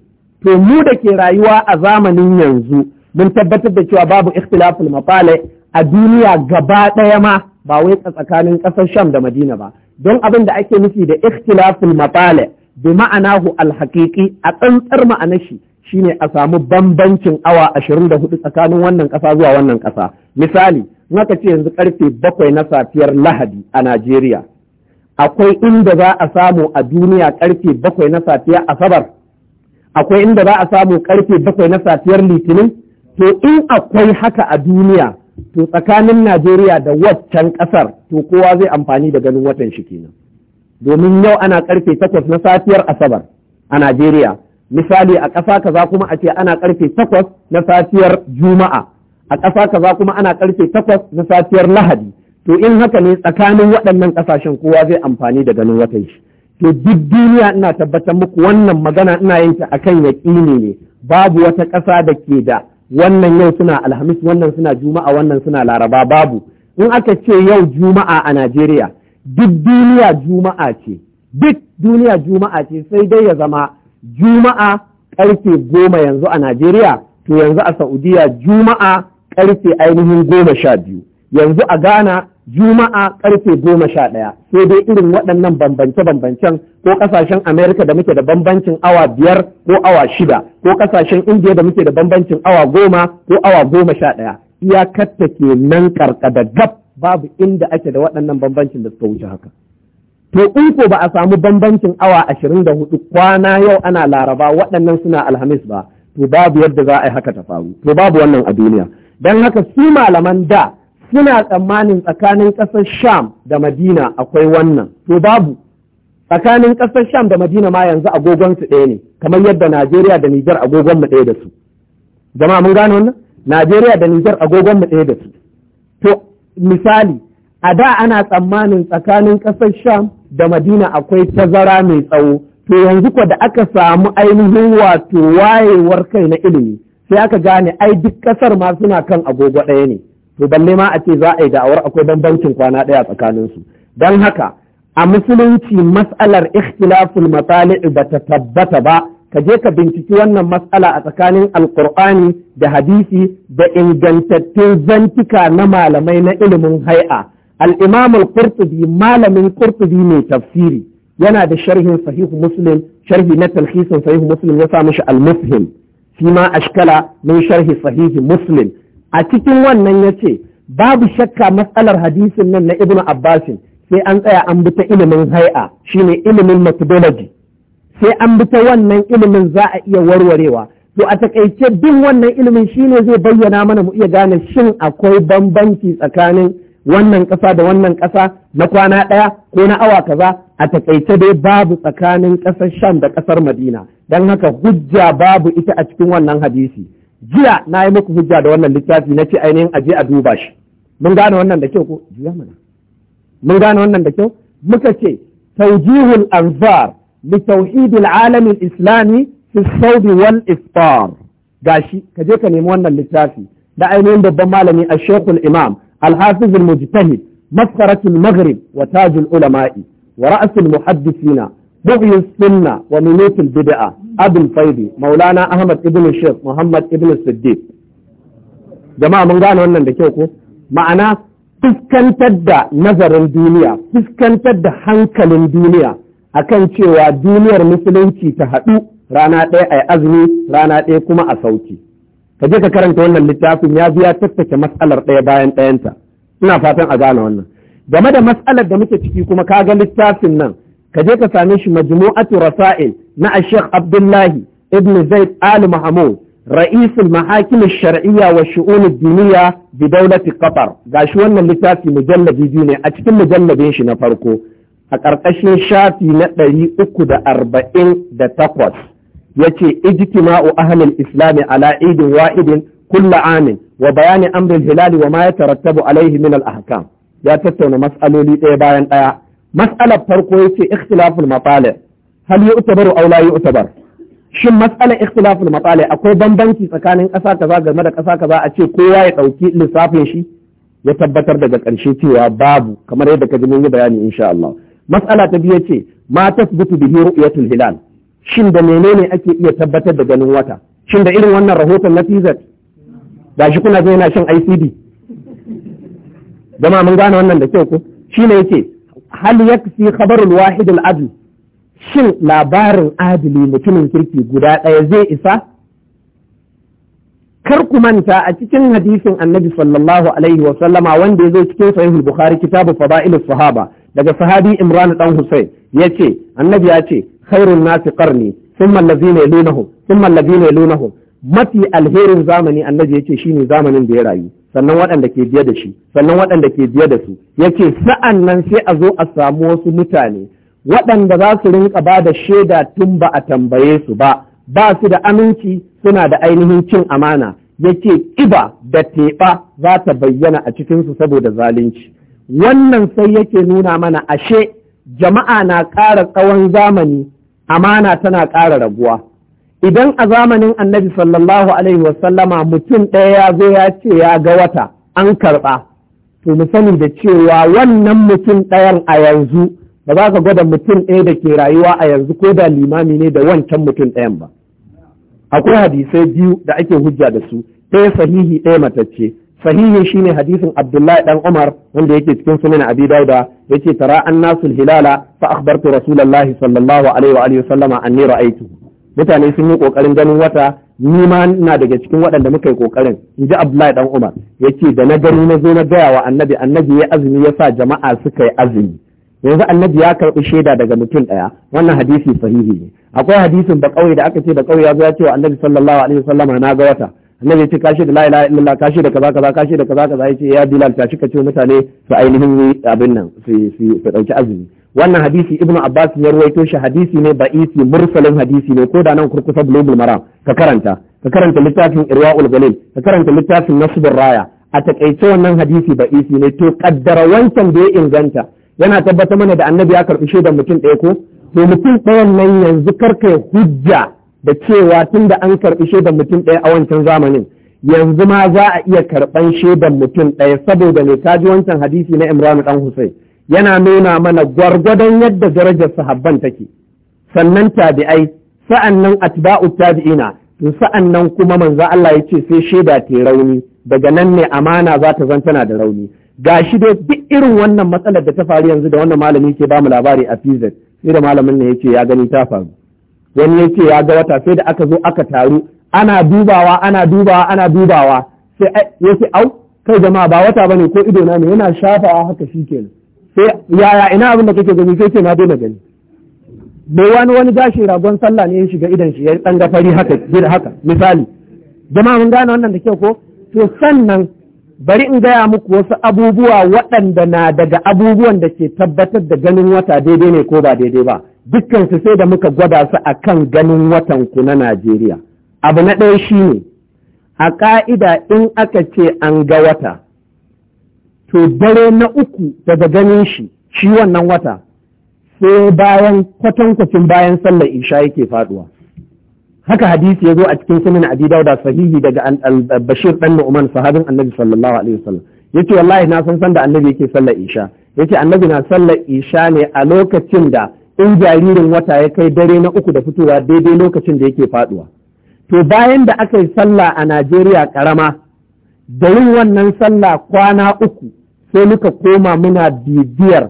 S1: to mu da ke rayuwa a zamanin yanzu mun tabbatar da cewa babu ikhtilaful mafale a duniya gaba ɗaya ma ba wai tsakanin ƙasar Sham da Madina ba don abin da ake nufi da ikhtilaful maqale bi ma'anahu alhaqiqi a tsantsar ma'anar shi shine a samu bambancin awa 24 tsakanin wannan ƙasa zuwa wannan ƙasa misali in ce yanzu karfe bakwai na safiyar Lahadi a Najeriya akwai inda za a samu a duniya karfe bakwai na safiya Asabar akwai inda za a samu karfe bakwai na safiyar Litinin to in akwai haka a duniya to tsakanin Najeriya da waccan ƙasar to kowa zai amfani da ganin watan shi kenan domin yau ana karfe takwas na safiyar Asabar a Najeriya misali a ƙasa kaza kuma a ce ana karfe takwas na safiyar Juma'a a ƙasa kaza kuma ana karfe takwas na safiyar Lahadi to in haka ne tsakanin waɗannan ƙasashen kowa zai amfani da ganin watan shi to duk duniya ina tabbatar muku wannan magana ina yin ta akan yaƙini ne babu wata ƙasa da ke da wannan yau suna alhamis wannan suna juma'a wannan suna laraba babu in aka ce yau juma'a a najeriya duk duniya juma'a ce duk duniya juma'a ce sai dai ya zama juma'a karfe goma yanzu a najeriya to yanzu a saudiya juma'a karfe ainihin goma sha biyu yanzu a Ghana Juma'a karfe goma sha ɗaya sai dai irin waɗannan bambance-bambancen ko ƙasashen Amerika da muke da bambancin awa biyar ko awa shida ko ƙasashen Indiya da muke da bambancin awa goma ko awa goma sha ɗaya iyakarta ke nan karkada gab babu inda ake da waɗannan bambancin da suka wuce haka. To in ko ba a samu bambancin awa ashirin da hudu kwana yau ana laraba waɗannan suna alhamis ba to babu yadda za a yi haka ta faru to babu wannan a duniya don haka su malaman da suna tsammanin tsakanin ƙasar sham da madina akwai wannan to babu tsakanin ƙasar sham da madina ma yanzu agogon su ɗaya ne kamar yadda najeriya da nijar agogon mu ɗaya da su Jama mun gane wannan najeriya da nijar agogon mu ɗaya da su to misali a da ana tsammanin tsakanin ƙasar sham da madina akwai tazara mai tsawo to yanzu ko da aka samu ainihin wato wayewar kai na ilimi sai aka gane ai duk ƙasar ma suna kan agogo ɗaya ne to balle ma a ce za a yi da'awar akwai bambancin kwana ɗaya tsakaninsu don haka a musulunci mas'alar ikhtilaful matali ba ta tabbata ba ka je ka binciki wannan mas'ala a tsakanin alkur'ani da hadisi da ingantattun zantika na malamai na ilimin hai'a al-imam al-qurtubi malamin qurtubi ne tafsiri yana da sharhin sahihu muslim sharhi na talhisin sahihu muslim ya sa mishi al-mufhim fi ma ashkala min sharhi sahihi muslim a cikin wannan ya ce babu shakka matsalar hadisin nan na ibnu abbasin sai an tsaya an bi ta ilimin hai'a shine ilimin methodology sai an bi ta wannan ilimin za a iya warwarewa to a takaice bin wannan ilimin shine zai bayyana mana mu iya gane shin akwai bambanci tsakanin wannan ƙasa da wannan ƙasa na kwana ɗaya ko na awa kaza a takaice dai babu tsakanin ƙasar sham da ƙasar madina don haka hujja babu ita a cikin wannan hadisi jiya na yi muku hujja da wannan littafi na ce ainihin aje a duba shi mun gane wannan da kyau ko jiya mana mun gane wannan da kyau muka ce taujihul anzar li tauhidil alamin islami fi saudi wal iftar gashi ka je ka nemi wannan littafi da ainihin babban malami a shekul imam al al-mujtahid maskaratul maghrib wa tajul ulama'i wa ra'sul muhaddisina بغي السنة ومنوت البدعة Maulana Ahmad مولانا أحمد Muhammad الشيخ محمد jama'a mun gane wannan da kyau ko. Ma'ana fuskantar da nazarin duniya fuskantar da hankalin duniya akan cewa duniyar musulunci ta haɗu rana ɗaya a azumi rana ɗaya kuma a sauki ka je ka karanta wannan littafin ya biya tattake matsalar ɗaya bayan ɗayanta ina fatan a gane wannan game da matsalar da muke ciki kuma ka ga littafin nan ka je ka sami shi majmu'atu rasail na Sheikh Abdullahi ibn Zaid ali Mahmud رئيس المحاكم الشرعية والشؤون الدينية بدولة قطر gashi wannan littafi mujalladi biyu ne a cikin mujalladin shi na farko a ƙarƙashin shafi na ɗari uku da arba'in da takwas ya ce ijtima'u ahlil islami ala idin wa'idin kulla amin wa bayani amrin hilali wa ma ya tarattabu alaihi min al ahkam ya tattauna matsaloli ɗaya bayan ɗaya mas'alar farko yace Hali matalib hal yu'tabaru aw la yu'tabar shin matsalar ikhtilaful matalib akwai bambanci tsakanin ƙasa kaza game da ƙasa kaza a ce kowa ya ɗauki lissafin shi ya tabbatar daga ƙarshe cewa babu kamar yadda ka ji yi bayani insha Allah Matsala ta biyu ce ma tasbutu bihi ru'yatul hilal shin da menene ake iya tabbatar da ganin wata shin da irin wannan rahoton na PZ gashi kuna zai yana shan ICD Zama mun gane wannan da kyau ko shine yake hal yakfi khabarul wahid al adl shin labarin adili mutumin kirki guda ɗaya zai isa kar ku manta a cikin hadisin annabi sallallahu alaihi wa sallama wanda ya zo cikin sahihul bukhari kitabu fada'ilus sahaba daga sahabi imran dan husayn yace annabi ya ce khairun nasi qarni thumma allazina yalunahum thumma allazina yalunahum mafi alherin zamani annabi yace shine zamanin da ya rayu sannan waɗanda ke biye da shi sannan waɗanda ke biye da su Yake sa'an nan sai a zo a samu wasu mutane waɗanda za su rinka ba da shaida tun ba a tambaye su ba ba su da aminci suna da ainihin cin amana yake ƙiba da teɓa za ta bayyana a cikin su saboda zalunci wannan sai yake nuna mana ashe jama'a na ƙara tsawon zamani amana tana ƙara raguwa idan a zamanin annabi sallallahu alaihi wasallama mutum ɗaya ya zo ya ce ya ga wata an karɓa to mu sani da cewa wannan mutum ɗayan a yanzu ba za ka gwada mutum ɗaya da ke rayuwa a yanzu ko da limami ne da wancan mutum ɗayan ba akwai hadisai biyu da ake hujja da su ɗaya sahihi ɗaya matacce sahihi shine hadisin abdullahi dan umar wanda yake cikin sunan abi dauda yace tara annasul hilala fa akhbartu rasulullahi sallallahu alaihi wa alihi wasallama anni ra'aytuhu mutane sun yi kokarin ganin wata nima ma daga cikin waɗanda muka yi kokarin in ji abdullahi dan umar Ya ce da na gani na zo na gaya wa annabi annabi ya azumi ya sa jama'a suka yi azumi yanzu annabi ya karɓi shaida daga mutum ɗaya wannan hadisi sahihi ne akwai hadisin ba kauye da aka ce da kauye ya zo ya ce wa annabi sallallahu alaihi wasallam na ga wata annabi ya ce kashi da la ilaha illallah kashi da kaza kaza kashi da kaza kaza ya ce ya bilal tashi ka ce mutane su ainihin abin nan su su azumi wannan hadisi ibnu abbas ya ruwaito shi hadisi ne ba'isi mursalin hadisi ne ko da nan kurkusa bulugul mara ka karanta ka karanta littafin irwaul galil ka karanta littafin nasbur raya a takaice wannan hadisi ba'isi ne to kaddara wancan da ya inganta yana tabbatar mana da annabi ya karbi shaidar mutum ɗaya ko to mutum ɗayan nan yanzu karka hujja da cewa tunda an karbi shaidar mutum ɗaya a wancan zamanin yanzu ma za a iya karɓan shaidan mutum ɗaya saboda ne ji wancan hadisi na Imran dan Hussein yana nuna mana gwargwadon yadda darajar sahabban take sannan tabi'ai sa'annan atba'u tabi'ina to sa'annan kuma manza. Allah ya ce sai shaida ta rauni daga nan ne amana za ta tana da rauni gashi dai duk irin wannan matsalar da ta faru yanzu da wannan malami ke mu labari a PZ sai da malamin ne ce ya gani ta faru wani yace ya ga wata sai da aka zo aka taru ana dubawa ana dubawa ana dubawa sai yake au kai jama'a ba wata ba ne, ko ido na ne yana shafawa haka shikenan sai eh, yaya ina abin da kake gani sai ce na dole gani bai wani wani gashin ragon sallah ne ya shiga idan shi ya dan gafari haka haka misali jama'a mun gane wannan da kyau ko to sannan bari in gaya muku wasu abubuwa waɗanda na daga abubuwan da ke tabbatar da ganin wata daidai ne ko ba daidai ba dukkan su sai da muka gwada su a kan ganin watan ku na Najeriya abu na ɗaya shine a ƙa'ida in aka ce an ga wata to dare na uku daga ganin shi shi wannan wata sai bayan kwatankwacin bayan sallar isha yake faduwa haka hadisi ya zo a cikin sunan abi dauda sahihi daga bashir dan nu'man sahabin annabi sallallahu alaihi wasallam yace wallahi na san san da annabi yake sallar isha yace annabi na sallar isha ne a lokacin da in jaririn wata ya kai dare na uku da fitowa daidai lokacin da yake faduwa to bayan da aka yi sallah a Najeriya karama da yin wannan sallah kwana uku sai muka koma muna bibiyar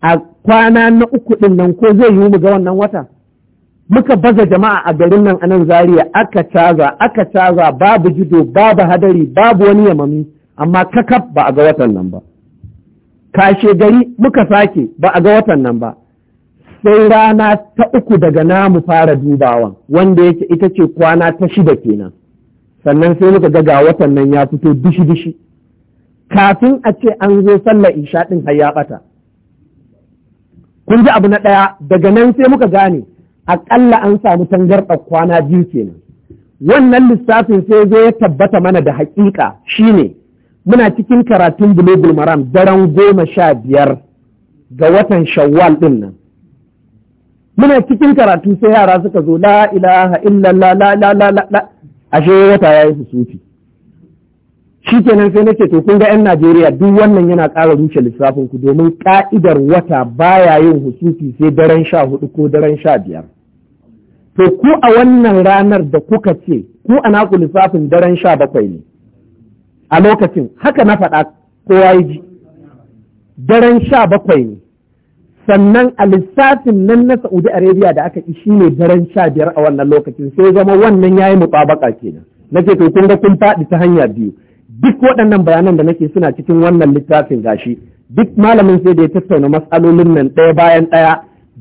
S1: a kwana na uku ɗin nan ko zai yi mu ga wannan wata muka baza jama'a a garin nan a nan zariya aka caza aka caza babu jido babu hadari babu wani yamami amma kakaf ba a ga watan nan ba kashe gari muka sake ba a ga watan nan ba sai rana ta uku daga namu fara dubawa, wanda yake ita ce kwana ta shida kenan sannan sai muka ga ga watan nan ya fito dishi dishi kafin a ce an zo sallar isha ɗin har ya ɓata. Kun ji abu na ɗaya daga nan sai muka gane aƙalla an samu tangarɗa kwana biyu kenan. Wannan lissafin sai zo ya tabbata mana da haƙiƙa shine muna cikin karatun bulogul maram daren goma sha biyar ga watan shawwal ɗin nan. Muna cikin karatu sai yara suka zo la ilaha illallah la la la la ashe wata ya yi su sufi. shi kenan sai nake to kun ga 'yan Najeriya duk wannan yana ƙara rushe lissafin ku domin ka'idar wata baya yin hususi sai daren sha hudu ko daren sha biyar. To ku a wannan ranar da kuka ce ku a naku lissafin daren sha bakwai ne a lokacin haka na faɗa kowa ya ji daren sha bakwai ne sannan a lissafin nan na Saudi Arabia da aka ƙi ne daren sha biyar a wannan lokacin sai zama wannan ya yayi mutabaka kenan nace to kun ga kun faɗi ta hanya biyu duk waɗannan bayanan da nake suna cikin wannan littafin gashi duk malamin sai da ya tattauna matsalolin nan ɗaya bayan ɗaya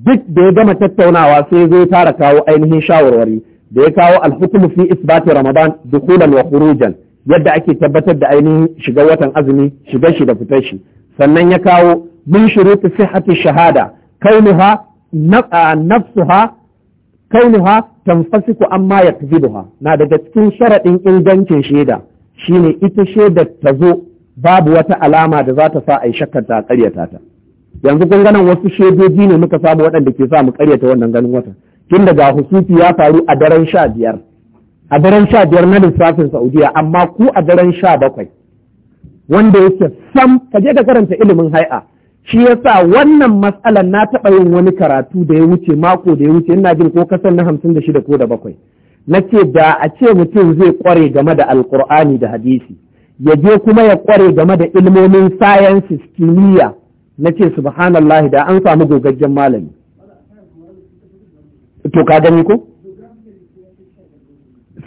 S1: duk da ya gama tattaunawa sai zai tara kawo ainihin shawarwari da ya kawo alhukumu fi isbati ramadan dukulan wa khurujan yadda ake tabbatar da ainihin shiga watan azumi shiga shi da fitar shi sannan ya kawo min shuruti sihhati shahada kaunuha nafsuha kaunuha tanfasiku amma yakzibuha na daga cikin sharaɗin ingancin shaida shine ita shaidar ta zo babu wata alama da za ta sa a yi shakkar a karyata ta yanzu kun ganin wasu shaidoji ne muka samu waɗanda ke sa mu karyata wannan ganin wata. tun daga husufi ya faru a daren sha biyar a daren sha biyar na lissafin saudiya amma ku a daren sha bakwai wanda yake sam ka je ka karanta ilimin hai'a shi ya sa wannan matsalar na taɓa yin wani karatu da ya wuce mako da ya wuce ina jin ko kasan na hamsin da shida ko da bakwai nace da a ce mutum zai kware game da alkur'ani da hadisi ya je kuma ya kware game da ilmomin sciences kimiyya nace subhanallahi da an samu gogaggen malami to ka gani ko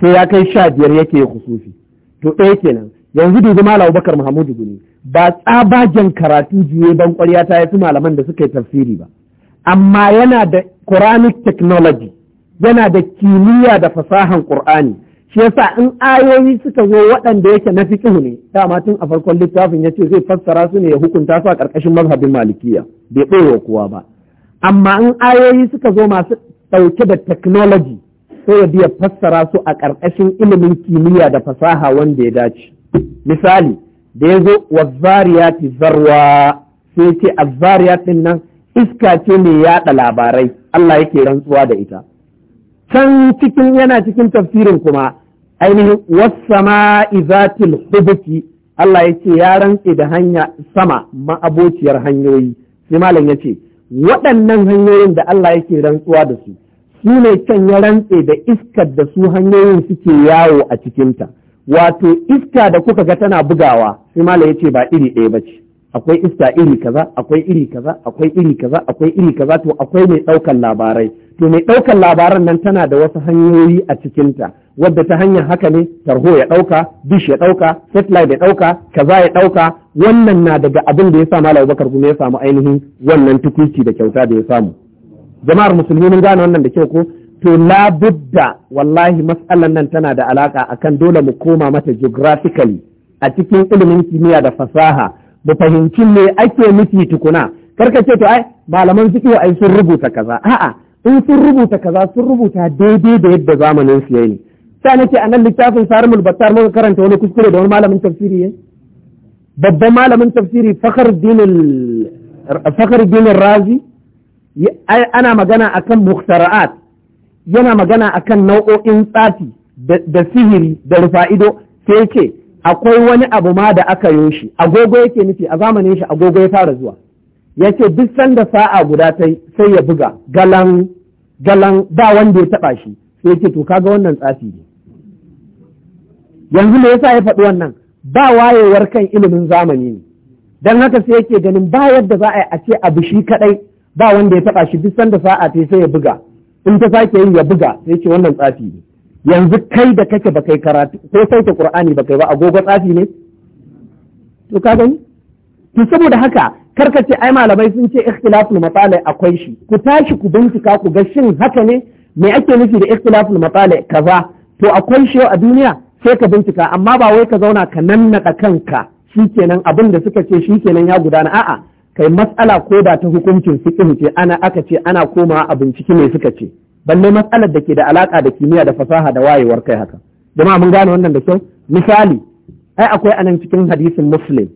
S1: sai ya kai sha biyar yake kususi. to ɗaya kenan yanzu dubi malam bakar muhammadu guni ba tsabagen karatu juye ban kwarya ta su malaman da suka yi tafsiri ba amma yana da quranic technology yana da kimiyya da fasahan Qur'ani shi yasa in ayoyi suka zo waɗanda yake na fiqh ne dama tun a farkon littafin ya ce, zai fassara su ne ya hukunta su a ƙarƙashin mazhabin malikiya bai ɓoye kuwa ba amma in ayoyi suka zo masu ɗauke da technology sai ya biya fassara su a ƙarƙashin ilimin kimiyya da fasaha wanda ya dace misali da ya zo wa zariyati zarwa sai ce a ɗin nan iska ce mai yaɗa labarai Allah yake rantsuwa da ita can cikin yana cikin tafsirin kuma ainihin wasama izatil hubuki Allah ya ce ya rantse da hanya sama ma'abociyar hanyoyi sai malam ya ce waɗannan hanyoyin da Allah yake rantsuwa da su su ne can ya rantse da iskar da su hanyoyin suke yawo a cikinta wato iska da kuka ga tana bugawa sai malam ya ce ba iri ɗaya ba ce akwai iska iri kaza akwai iri kaza akwai iri kaza akwai iri kaza to akwai mai ɗaukan labarai to mai ɗaukar labaran nan tana da wasu hanyoyi a cikinta wadda ta hanyar haka ne tarho ya ɗauka dish ya ɗauka satellite ya ɗauka kaza ya ɗauka wannan na daga abin da ya sa malam bakar kuma ya samu ainihin wannan tukuci da kyauta da ya samu jama'ar musulmi mun gane wannan da kyau ko to labudda wallahi mas'alan nan tana da alaka akan dole mu koma mata geographically a cikin ilimin kimiyya da fasaha mu fahimci me ake nufi tukuna karka ce to ai malaman fiqh ai sun rubuta kaza a'a in sun rubuta kaza sun rubuta daidai da yadda zamanin su yayi sai nake a nan littafin sarmul battar muka karanta wani kuskure da wani malamin tafsiri yayi babban malamin tafsiri fakar dinin razi ana magana akan muhtara'at yana magana akan nau'o'in tsafi da sihiri da rufa'ido sai ce akwai wani abu ma da aka yo shi agogo yake nufi a zamanin shi agogo ya fara zuwa ya ce duk sanda sa'a guda ta sai ya buga galan galan ba wanda ya taɓa shi sai ce to kaga wannan tsafi ne yanzu me yasa ya faɗi wannan ba wayewar kan ilimin zamani ne dan haka sai yake ganin ba yadda za a yi a ce abu shi kadai ba wanda ya taɓa shi duk sanda sa'a ta sai ya buga in ta sake yin ya buga sai ce wannan tsafi ne yanzu kai da kake ba kai karatu ko ta qur'ani ba kai ba agogo tsafi ne to ka gani to saboda haka karka ce ai malamai sun ce ikhtilaful matsala akwai shi ku tashi ku bincika ku ga shin haka ne me ake nufi da ikhtilaful matsala kaza to akwai shi a duniya sai ka bincika amma ba wai ka zauna ka nannaka kanka shikenan abin da suka ce shikenan ya gudana a'a kai matsala ko da ta hukuncin fiqh ce ana aka ce ana komawa a bincike ne suka ce balle matsalar da ke da alaka da kimiyya da fasaha da wayewar kai haka jama'a mun gane wannan da kyau misali ai akwai anan cikin hadisin muslim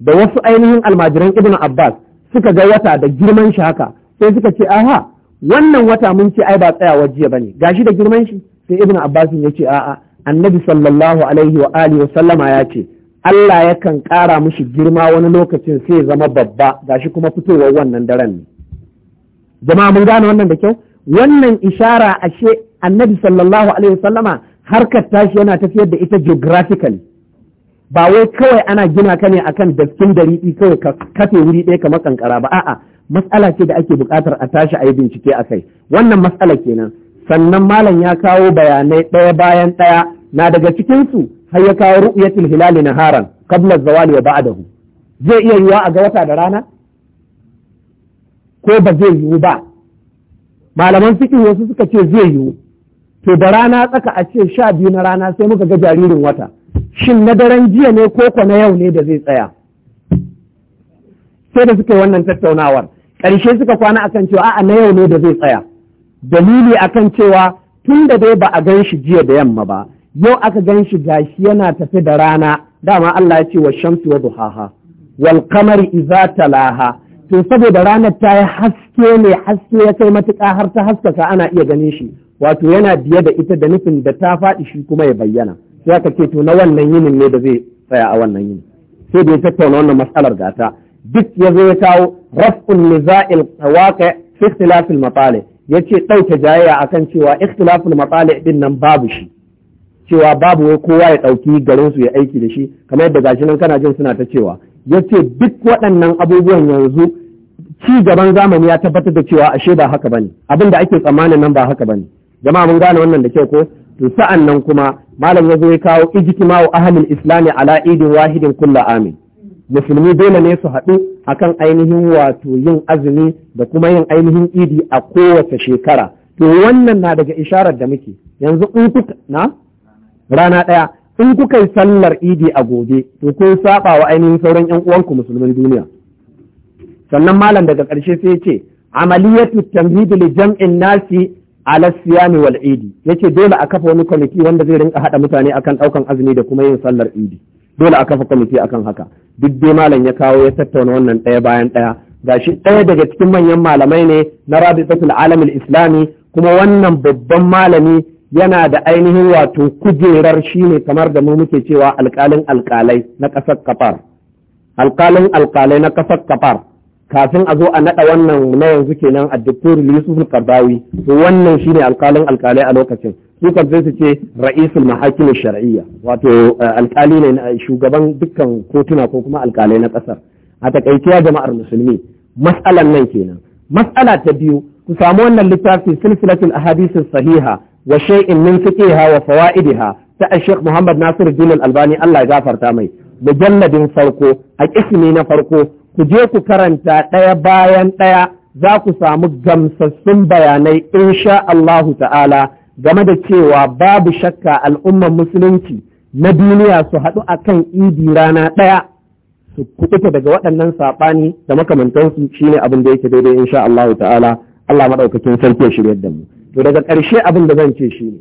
S1: da wasu ainihin almajiran ibn abbas suka ga wata da girman shi haka sai suka ce aha wannan wata mun ce ai ba tsayawa jiya bane gashi da girman shi sai ibn abbas ya ce a'a annabi sallallahu alaihi wa alihi wa sallama ya ce Allah yakan ƙara mushi girma wani lokacin sai zama babba gashi kuma fitowar wannan daren ne jama'a mun gane wannan da kyau wannan ishara ashe annabi sallallahu alaihi wa sallama, harkar tashi yana tafiyar da ita geographically ba wai kawai ana gina ka ne akan daskin dari kawai ka kafe wuri ɗaya kamar kankara ba a'a matsala ce da ake buƙatar a tashi a yi bincike a kai wannan matsala kenan sannan malam ya kawo bayanai ɗaya bayan ɗaya na daga cikin su har ya kawo ru'yatul hilali na haran qabla zawali wa ba'dahu zai iya yiwa a ga wata da rana ko ba zai yiwu ba malaman fiqh wasu suka ce zai yiwu to da rana tsaka a ce sha biyu na rana sai muka ga jaririn wata shin na daren jiya ne koko na yau ne da zai tsaya sai da suka yi wannan tattaunawar ƙarshe suka kwana akan cewa a'a na yau ne da zai tsaya dalili akan cewa tun da dai ba a gan shi jiya da yamma ba yau aka gan shi gashi yana tafi da rana dama Allah ya ce wa shamsu wa duhaha wal kamar iza talaha to saboda ranar ta yi haske ne haske ya kai matuƙa har ta haskaka ana iya ganin shi wato yana biye da ita da nufin da ta faɗi shi kuma ya bayyana sai aka ce to na wannan yinin ne da zai tsaya a wannan yinin? sai da ya tattauna wannan matsalar gata duk ya zo ya kawo raf'in niza'il waqa fi ikhtilafil matali yace dauke jayayya akan cewa ikhtilafil matali din nan babu shi cewa babu wai kowa ya ɗauki garin su ya aiki da shi kamar yadda gashi nan kana jin suna ta cewa yace duk waɗannan abubuwan yanzu ci gaban zamani ya tabbatar da cewa ashe ba haka bane abin da ake tsammanin nan ba haka bane jama'a mun gane wannan da kyau ko to sa'an nan kuma malam ya zo ya kawo ijtima'u ahlul islami ala idin wahidin kulla amin musulmi dole ne su haɗu akan ainihin wato yin azumi da kuma yin ainihin idi a kowace shekara to wannan na daga isharar da muke yanzu in kuka na rana ɗaya in kuka yi sallar idi a gobe to kun saba wa ainihin sauran yan uwanku musulmin duniya sannan malam daga ƙarshe sai ce amaliyatu tamhid li jam'in nasi ala siyami wal idi yace dole a kafa wani kwamiti wanda zai rinka hada mutane akan daukan azumi da kuma yin sallar idi dole a kafa kwamiti akan haka duk dai malam ya kawo ya tattauna wannan ɗaya bayan ɗaya gashi ɗaya daga cikin manyan malamai ne na rabitatul alamil islami kuma wannan babban malami yana da ainihin wato kujerar shi ne kamar da mu muke cewa alƙalin alƙalai na ƙasar kafar na kasar kafar kafin a zo a naɗa wannan na yanzu kenan a Dr yusuf karbawi wannan shine alkalin alkalai a lokacin su kan sai su ce ra'isul mahakimin shari'iyya wato eh, alkali ne shugaban dukkan kotuna ko kuma alkalai na ƙasar a takaice ya jama'ar musulmi mas'alan nan kenan mas'ala ta biyu ku samu wannan littafi silsilatul ahadisin sahiha wa shay'in min fiqiha wa fawaidiha ta Sheikh Muhammad Nasiru Din Albani Allah ya gafarta mai mujalladin farko a ismi na farko ku je ku karanta ɗaya bayan ɗaya za ku samu gamsassun bayanai insha Allahu ta'ala game da cewa babu shakka al'ummar musulunci na duniya su haɗu a kan idi rana ɗaya su kuɗuta daga waɗannan saɓani da makamantansu shi ne abin da yake daidai insha Allahu ta'ala Allah maɗaukakin sarki ya shirya da mu to daga ƙarshe abin da zan ce ne.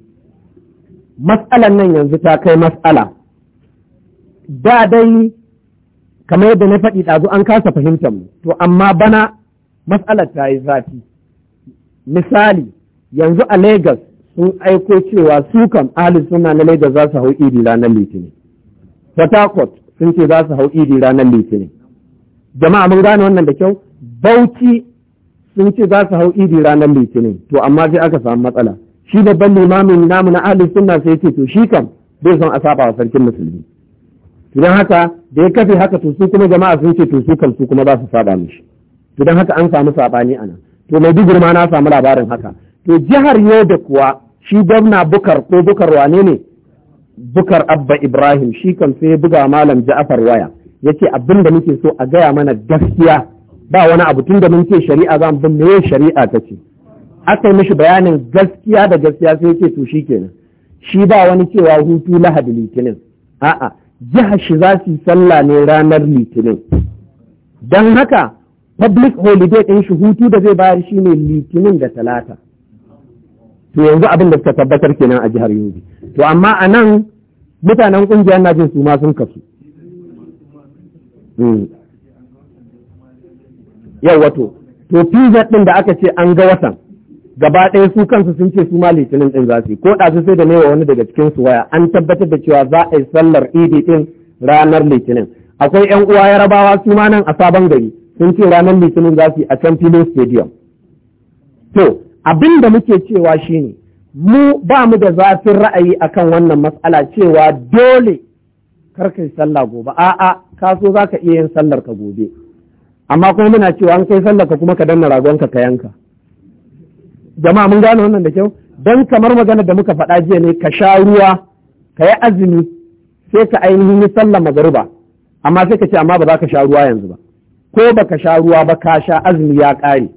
S1: mas'alan nan yanzu ta kai mas'ala da dai kamar yadda na faɗi ɗazu an kasa fahimtar mu to amma bana matsalar ta yi zafi misali yanzu a Legas sun aiko cewa su kam suna na Legas za su hau idi ranar litinin Port sun ce za su hau idi ranar litinin jama'a mun gane wannan da kyau Bauchi sun ce za su hau idi ranar litinin to amma sai aka samu matsala shi babban limamin namu na ahli sunna sai ce to shi kam bai son a saba wa sarkin musulmi idan haka da ya kafe haka to kuma jama'a sun ce to su kuma za su saba mishi to dan haka an samu sabani anan to mai digir ma na samu labarin haka to jihar da kuwa shi gwamna Bukar ko Bukar wane ne Bukar Abba Ibrahim shi kan sai buga malam Ja'far waya yace abin da muke so a gaya mana gaskiya ba wani abu tun da mun ce shari'a mu bin me shari'a ta ce aka yi mishi bayanin gaskiya da gaskiya sai ce to kenan shi ba wani cewa hutu lahadi litinin a'a jihar shi za su sallah ne ranar litinin don haka public holiday ɗin shi hutu da zai bayar shi ne litinin da talata to yanzu abin da suka tabbatar kenan a jihar yobe to amma a nan mutanen ƙungiyar na jin su ma sun kasu hmm. yau wato to pz ɗin da aka ce an ga watan gaba ɗaya su kansu sun ce su ma litinin ɗin za su yi ko ɗazu sai da newa wani daga cikin su waya an tabbatar da cewa za a yi sallar idi ɗin ranar litinin akwai yan uwa yarabawa su ma nan a sabon gari sun ce ranar litinin za yi a can filin stadium to abin da muke cewa shine mu ba mu da zafin ra'ayi akan wannan matsala cewa dole kar kai sallah gobe a'a ka so za ka iya yin sallar ka gobe amma kuma muna cewa an kai sallar ka kuma ka danna ragon ka yanka jama'a mun gane wannan da kyau dan kamar magana da muka faɗa jiya ne ka sha ruwa ka yi azumi sai ka ainihin yi sallah magariba amma sai ka ce amma ba za ka sha ruwa yanzu ba ko ba ka sha ruwa ba ka sha azumi ya ƙare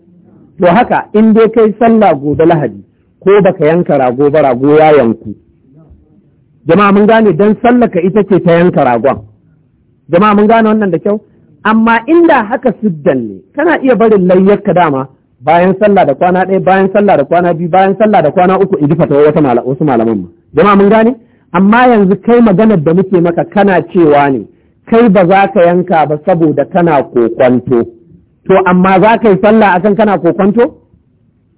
S1: to haka in dai kai sallah gobe lahadi ko ba ka yanka rago ba rago ya yanku jama'a mun gane don sallah ka ita ce ta yanka ragon jama'a mun gane wannan da kyau amma inda haka siddan ne kana iya barin layyarka dama bayan sallah da kwana ɗaya bayan sallah da kwana biyu bayan sallah da kwana uku ji fatawa wata wasu malaman mu jama'a mun gane amma yanzu kai maganar da muke maka kana cewa ne kai ba za ka yanka ba saboda kana kokwanto to amma za ka yi sallah akan kana kokwanto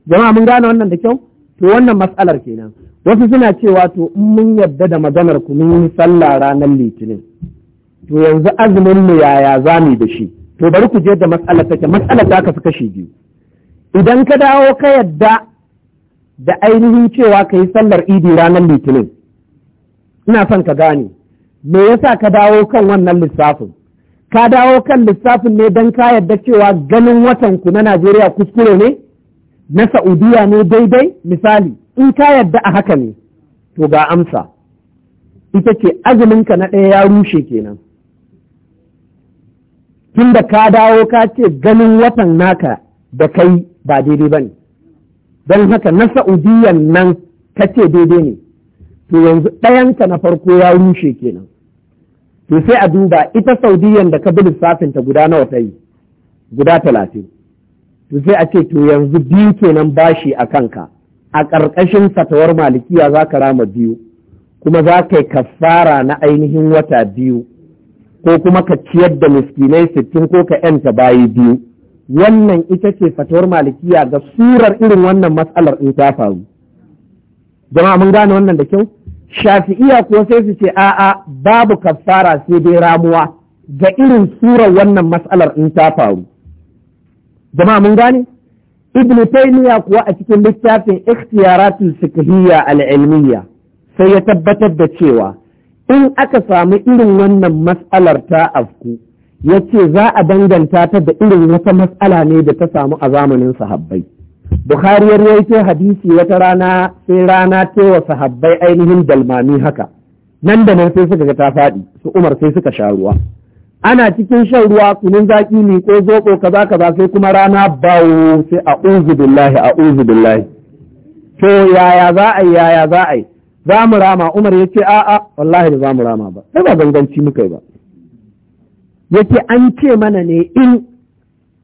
S1: jama'a mun gane wannan da kyau to wannan matsalar kenan wasu suna cewa to in mun yarda da maganar ku mun yi sallah ranar litinin to yanzu azumin mu yaya za mu yi da shi to bari ku je da matsalar take matsalar aka fi kashi biyu idan ka dawo ka yadda da ainihin cewa ka yi sallar idi ranar litinin ina son ka gane me yasa ka dawo kan wannan lissafin ka dawo kan lissafin ne don ka yadda cewa ganin watan ku na najeriya kuskure ne na saudiya ne daidai misali in ka yadda a haka ne to ga amsa ita ce azuminka na ɗaya ya rushe kenan tunda ka dawo ka ce ganin watan naka da kai ba daidai ba ne don haka na sa'udiyyan nan ka ce daidai ne to yanzu ɗayanka na farko ya rushe kenan to sai a duba ita saudiyyan da ka bi lissafinta guda nawa ta yi guda talatin to sai a ce to yanzu biyu kenan bashi a kanka a ƙarƙashin fatawar malikiya za ka rama biyu kuma za ka yi kafara na ainihin wata biyu ko kuma ka ciyar da miskinai sittin ko ka yanta bayi biyu wannan ita ce fatawar malikiya ga surar irin wannan matsalar in ta faru jama'a mun gane wannan da kyau shafi'iya ko sai su ce a'a babu kaffara sai dai ramuwa ga irin surar wannan matsalar in ta faru jama'a mun gane ibn taymiya kuwa a cikin littafin ikhtiyaratul fiqhiyya al-ilmiyya sai ya tabbatar da cewa in aka samu irin wannan matsalar ta afku ya ce za a danganta ta da irin wata matsala ne da ta samu a zamanin sahabbai bukhari ya rawaito hadisi wata rana sai rana ta wa sahabbai ainihin dalmami haka nan da nan sai suka ga ta faɗi su umar sai suka sha ruwa ana cikin shan ruwa kunun zaki ne ko zoɓo kaza kaza sai kuma rana bawo sai a uzu billahi a uzu billahi to yaya za a yi yaya za a yi za mu rama umar ya ce a'a wallahi da za mu rama ba sai ba ganganci muka yi ba yace an ce mana ne in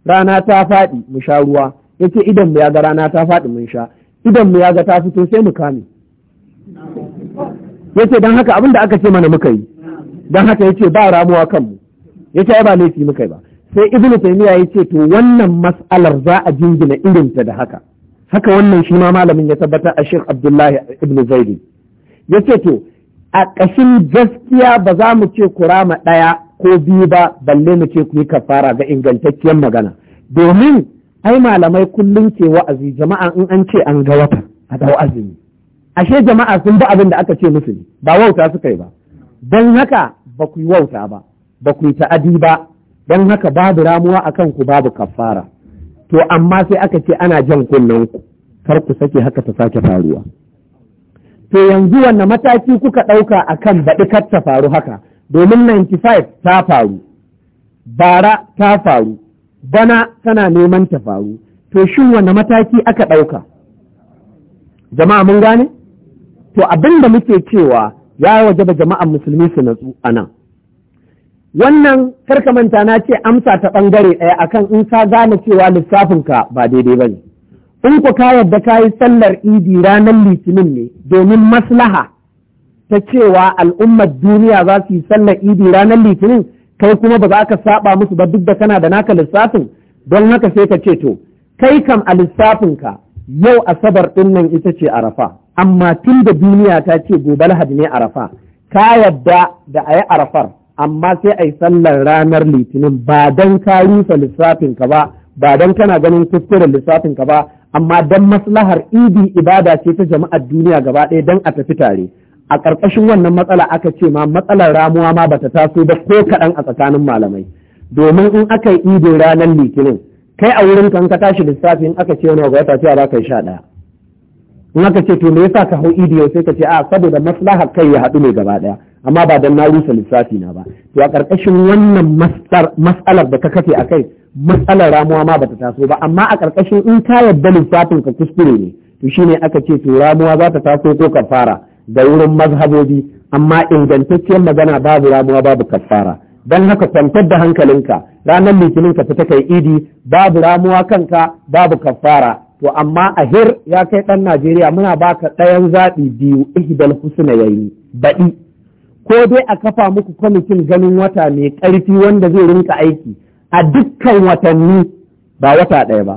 S1: rana ta faɗi mu sha ruwa Yake idan mu ya ga rana ta faɗi mun sha idan mu ya ga ta fito sai mu kame yace dan haka abin da aka ce mana muka yi dan haka yace ba ramuwa kanmu ya ai ba laifi muka yi ba sai ibnu ya ce to wannan mas'alar za a jingina ta da haka haka wannan shi ma malamin ya tabbata a Sheikh Abdullahi ibnu Zaidi yace to a ƙashin gaskiya ba za mu ce kurama ɗaya ko biyu ba balle mu ce ku yi kafara ga ingantacciyar magana domin ai malamai kullum ke wa'azi jama'a in an ce an ga wata a dau azumi ashe jama'a sun bi abin da aka ce musu ne ba wauta suka yi ba don haka ba ku yi wauta ba ba ku yi ta'adi ba don haka babu ramuwa a ku, babu kafara to amma sai aka ce ana jan kunnen ku kar ku sake haka ta sake faruwa to yanzu wanne mataki kuka ɗauka akan baɗi kar ta faru haka domin 95 ta faru bara ta faru bana tana neman ta faru to shin wane mataki aka ɗauka jama'a mun gane to abin muke cewa ya wajaba jama'an musulmi su natsu a nan wannan karka manta na ce amsa ta ɓangare ɗaya akan in ka gane cewa lissafinka ba daidai ba ne in ku ka yadda ka sallar idi ranar litinin ne domin maslaha ta cewa al'ummar duniya za su yi sallar idi ranar litinin kai kuma ba za ka saba musu ba duk da kana da naka lissafin don haka sai ka ce to kai kam a lissafinka yau asabar ɗinnan nan ita ce arafa amma tun da duniya ta ce gobe lahadi ne arafa ka yadda da a yi arafar amma sai a yi sallar ranar litinin ba don ka rusa lissafinka ba ba don kana ganin kuskuren lissafinka ba amma don maslahar idi ibada ce ta jama'ar duniya gaba ɗaya don a tafi tare a ƙarƙashin wannan matsala aka ce ma matsalar ramuwa ma bata taso ba ko kaɗan a tsakanin malamai domin in aka yi idin ranar litinin kai a wurin kan ka tashi lissafi in aka ce wani ga gwata cewa za ka yi sha ɗaya in aka ce to me yasa ka hau idi sai ka ce a saboda maslaha kai ya haɗu ne gaba ɗaya amma ba dan na rusa lissafi na ba to a ƙarƙashin wannan matsalar da ka kafe a kai matsalar ramuwa ma bata taso ba amma a ƙarƙashin in ka yarda lissafin ka kuskure ne to shine aka ce to ramuwa za ta taso ko ka fara da wurin mazhabobi amma ingantacciyar magana babu ramuwa babu kafara. don haka kwantar da hankalinka ranar litinin ka fita kai idi babu ramuwa kanka babu kafara. to amma a hir ya kai ɗan Najeriya muna baka ɗayan zaɓi biyu ihdal husna yayi baɗi ko dai a kafa muku kwamitin ganin wata mai ƙarfi wanda zai rinka aiki a dukkan watanni ba wata ɗaya ba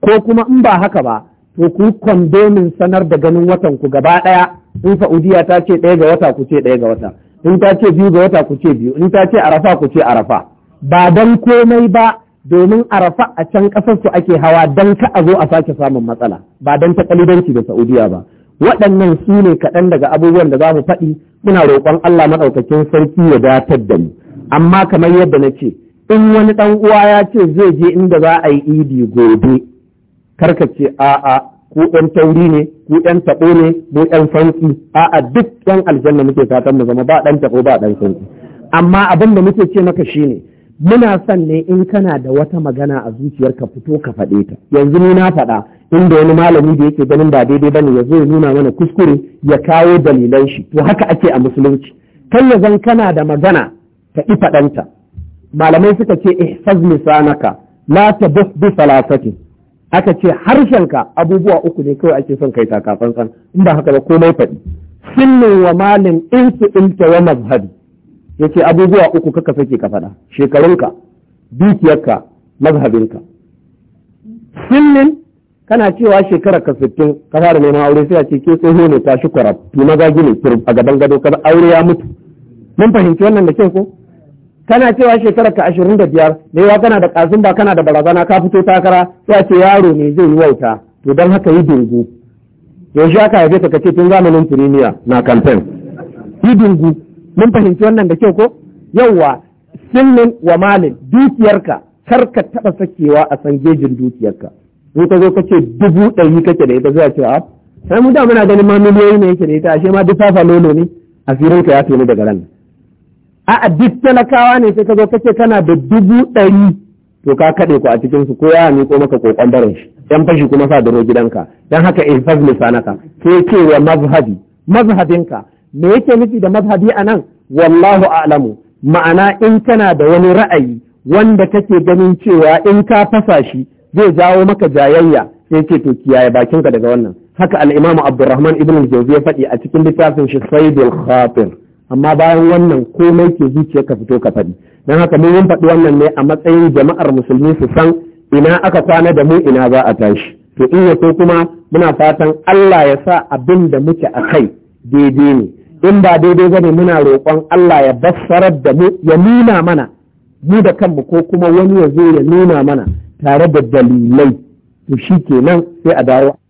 S1: ko kuma in ba haka ba to ku yi sanar da ganin watan ku gaba ɗaya in Saudiya ta ce ɗaya ga wata ku ce ɗaya ga wata in ta ce biyu ga wata ku ce biyu in ta ce arafa ku ce arafa ba dan komai ba domin arafa a can ƙasar su ake hawa dan ka a zo a sake samun matsala ba dan ta kalidanci da Saudiya ba waɗannan su ne kaɗan daga abubuwan da za mu faɗi muna roƙon Allah maɗaukakin sarki ya datar da mu amma kamar yadda na ce in wani ɗan uwa ya ce zai je inda za a yi idi gobe karka ce a'a ko ɗan tauri ne ko ɗan taɓo ne ko ɗan sanki a'a duk ɗan aljanna muke fatan mu zama ba ɗan taɓo ba ɗan fanki amma abin da muke ce maka shine muna son ne in kana da wata magana a zuciyar ka fito ka faɗe ta yanzu ni na faɗa da wani malami da yake ganin ba daidai bane ya zo ya nuna mana kuskure ya kawo dalilan shi to haka ake a musulunci kan ya zan kana da magana ka ɗi faɗanta malamai suka ce ihfaz lisanaka la tabuh bi falasatin aka ce harshenka abubuwa uku ne kawai ake son kai takatsantsan in ba haka ba komai faɗi sinnin wa malin in su ɗinta wa mazhabi ya ce abubuwa uku kaka sake ka faɗa shekarunka dukiyarka mazhabinka sinnin kana cewa shekarar ka sittin ka fara neman aure sai a ce ke tsoho ne ta shi kwarar tu maza gini a gaban gado kaza aure ya mutu mun fahimci wannan da kyau ko kana cewa shekarar ka ashirin da biyar wa kana da ƙasun ba kana da barazana ka fito takara sai ce yaro ne zai yi wauta to don haka yi dungu yaushe aka haife ka kace tun zamanin firimiya na kamfen yi dungu mun fahimci wannan da kyau ko yauwa sinin wa malin dukiyarka kar ka taɓa sakewa a sangejin dukiyarka in ka zo ka ce dubu ɗari kake da ita zai ce a ah, sai mu da muna ganin ma miliyoyi ne yake da ita ashe ma duk fafa lolo ne asirinka ka ya tuni daga ran a duk talakawa ne sai ka zo kace kana da dubu ɗari to ka kaɗe ku a cikin su ko ya miƙo maka kokon daren shi yan fashi kuma sa duro gidanka dan haka in faz lisanaka sai ke wa mazhabi mazhabinka me yake nufi da mazhabi anan wallahu a'lamu ma'ana in kana da wani ra'ayi wanda kake ganin cewa in ka fasa shi zai jawo maka jayayya sai ke to kiyaye bakinka daga wannan haka al-imamu abdurrahman ibn al-jawzi ya faɗi a cikin littafin shi saidul khatir amma bayan wannan komai ke zuciya ka fito ka faɗi don haka mun yin faɗi wannan ne a matsayin jama'ar musulmi su san ina aka kwana da mu ina za a tashi to in ya kuma muna fatan Allah ya sa abin da muke a kai daidai ne in ba daidai ba ne muna roƙon Allah ya bassarar da mu ya nuna mana mu da kanmu ko kuma wani ya zo ya nuna mana tare da dalilai to shi kenan sai a
S2: dawo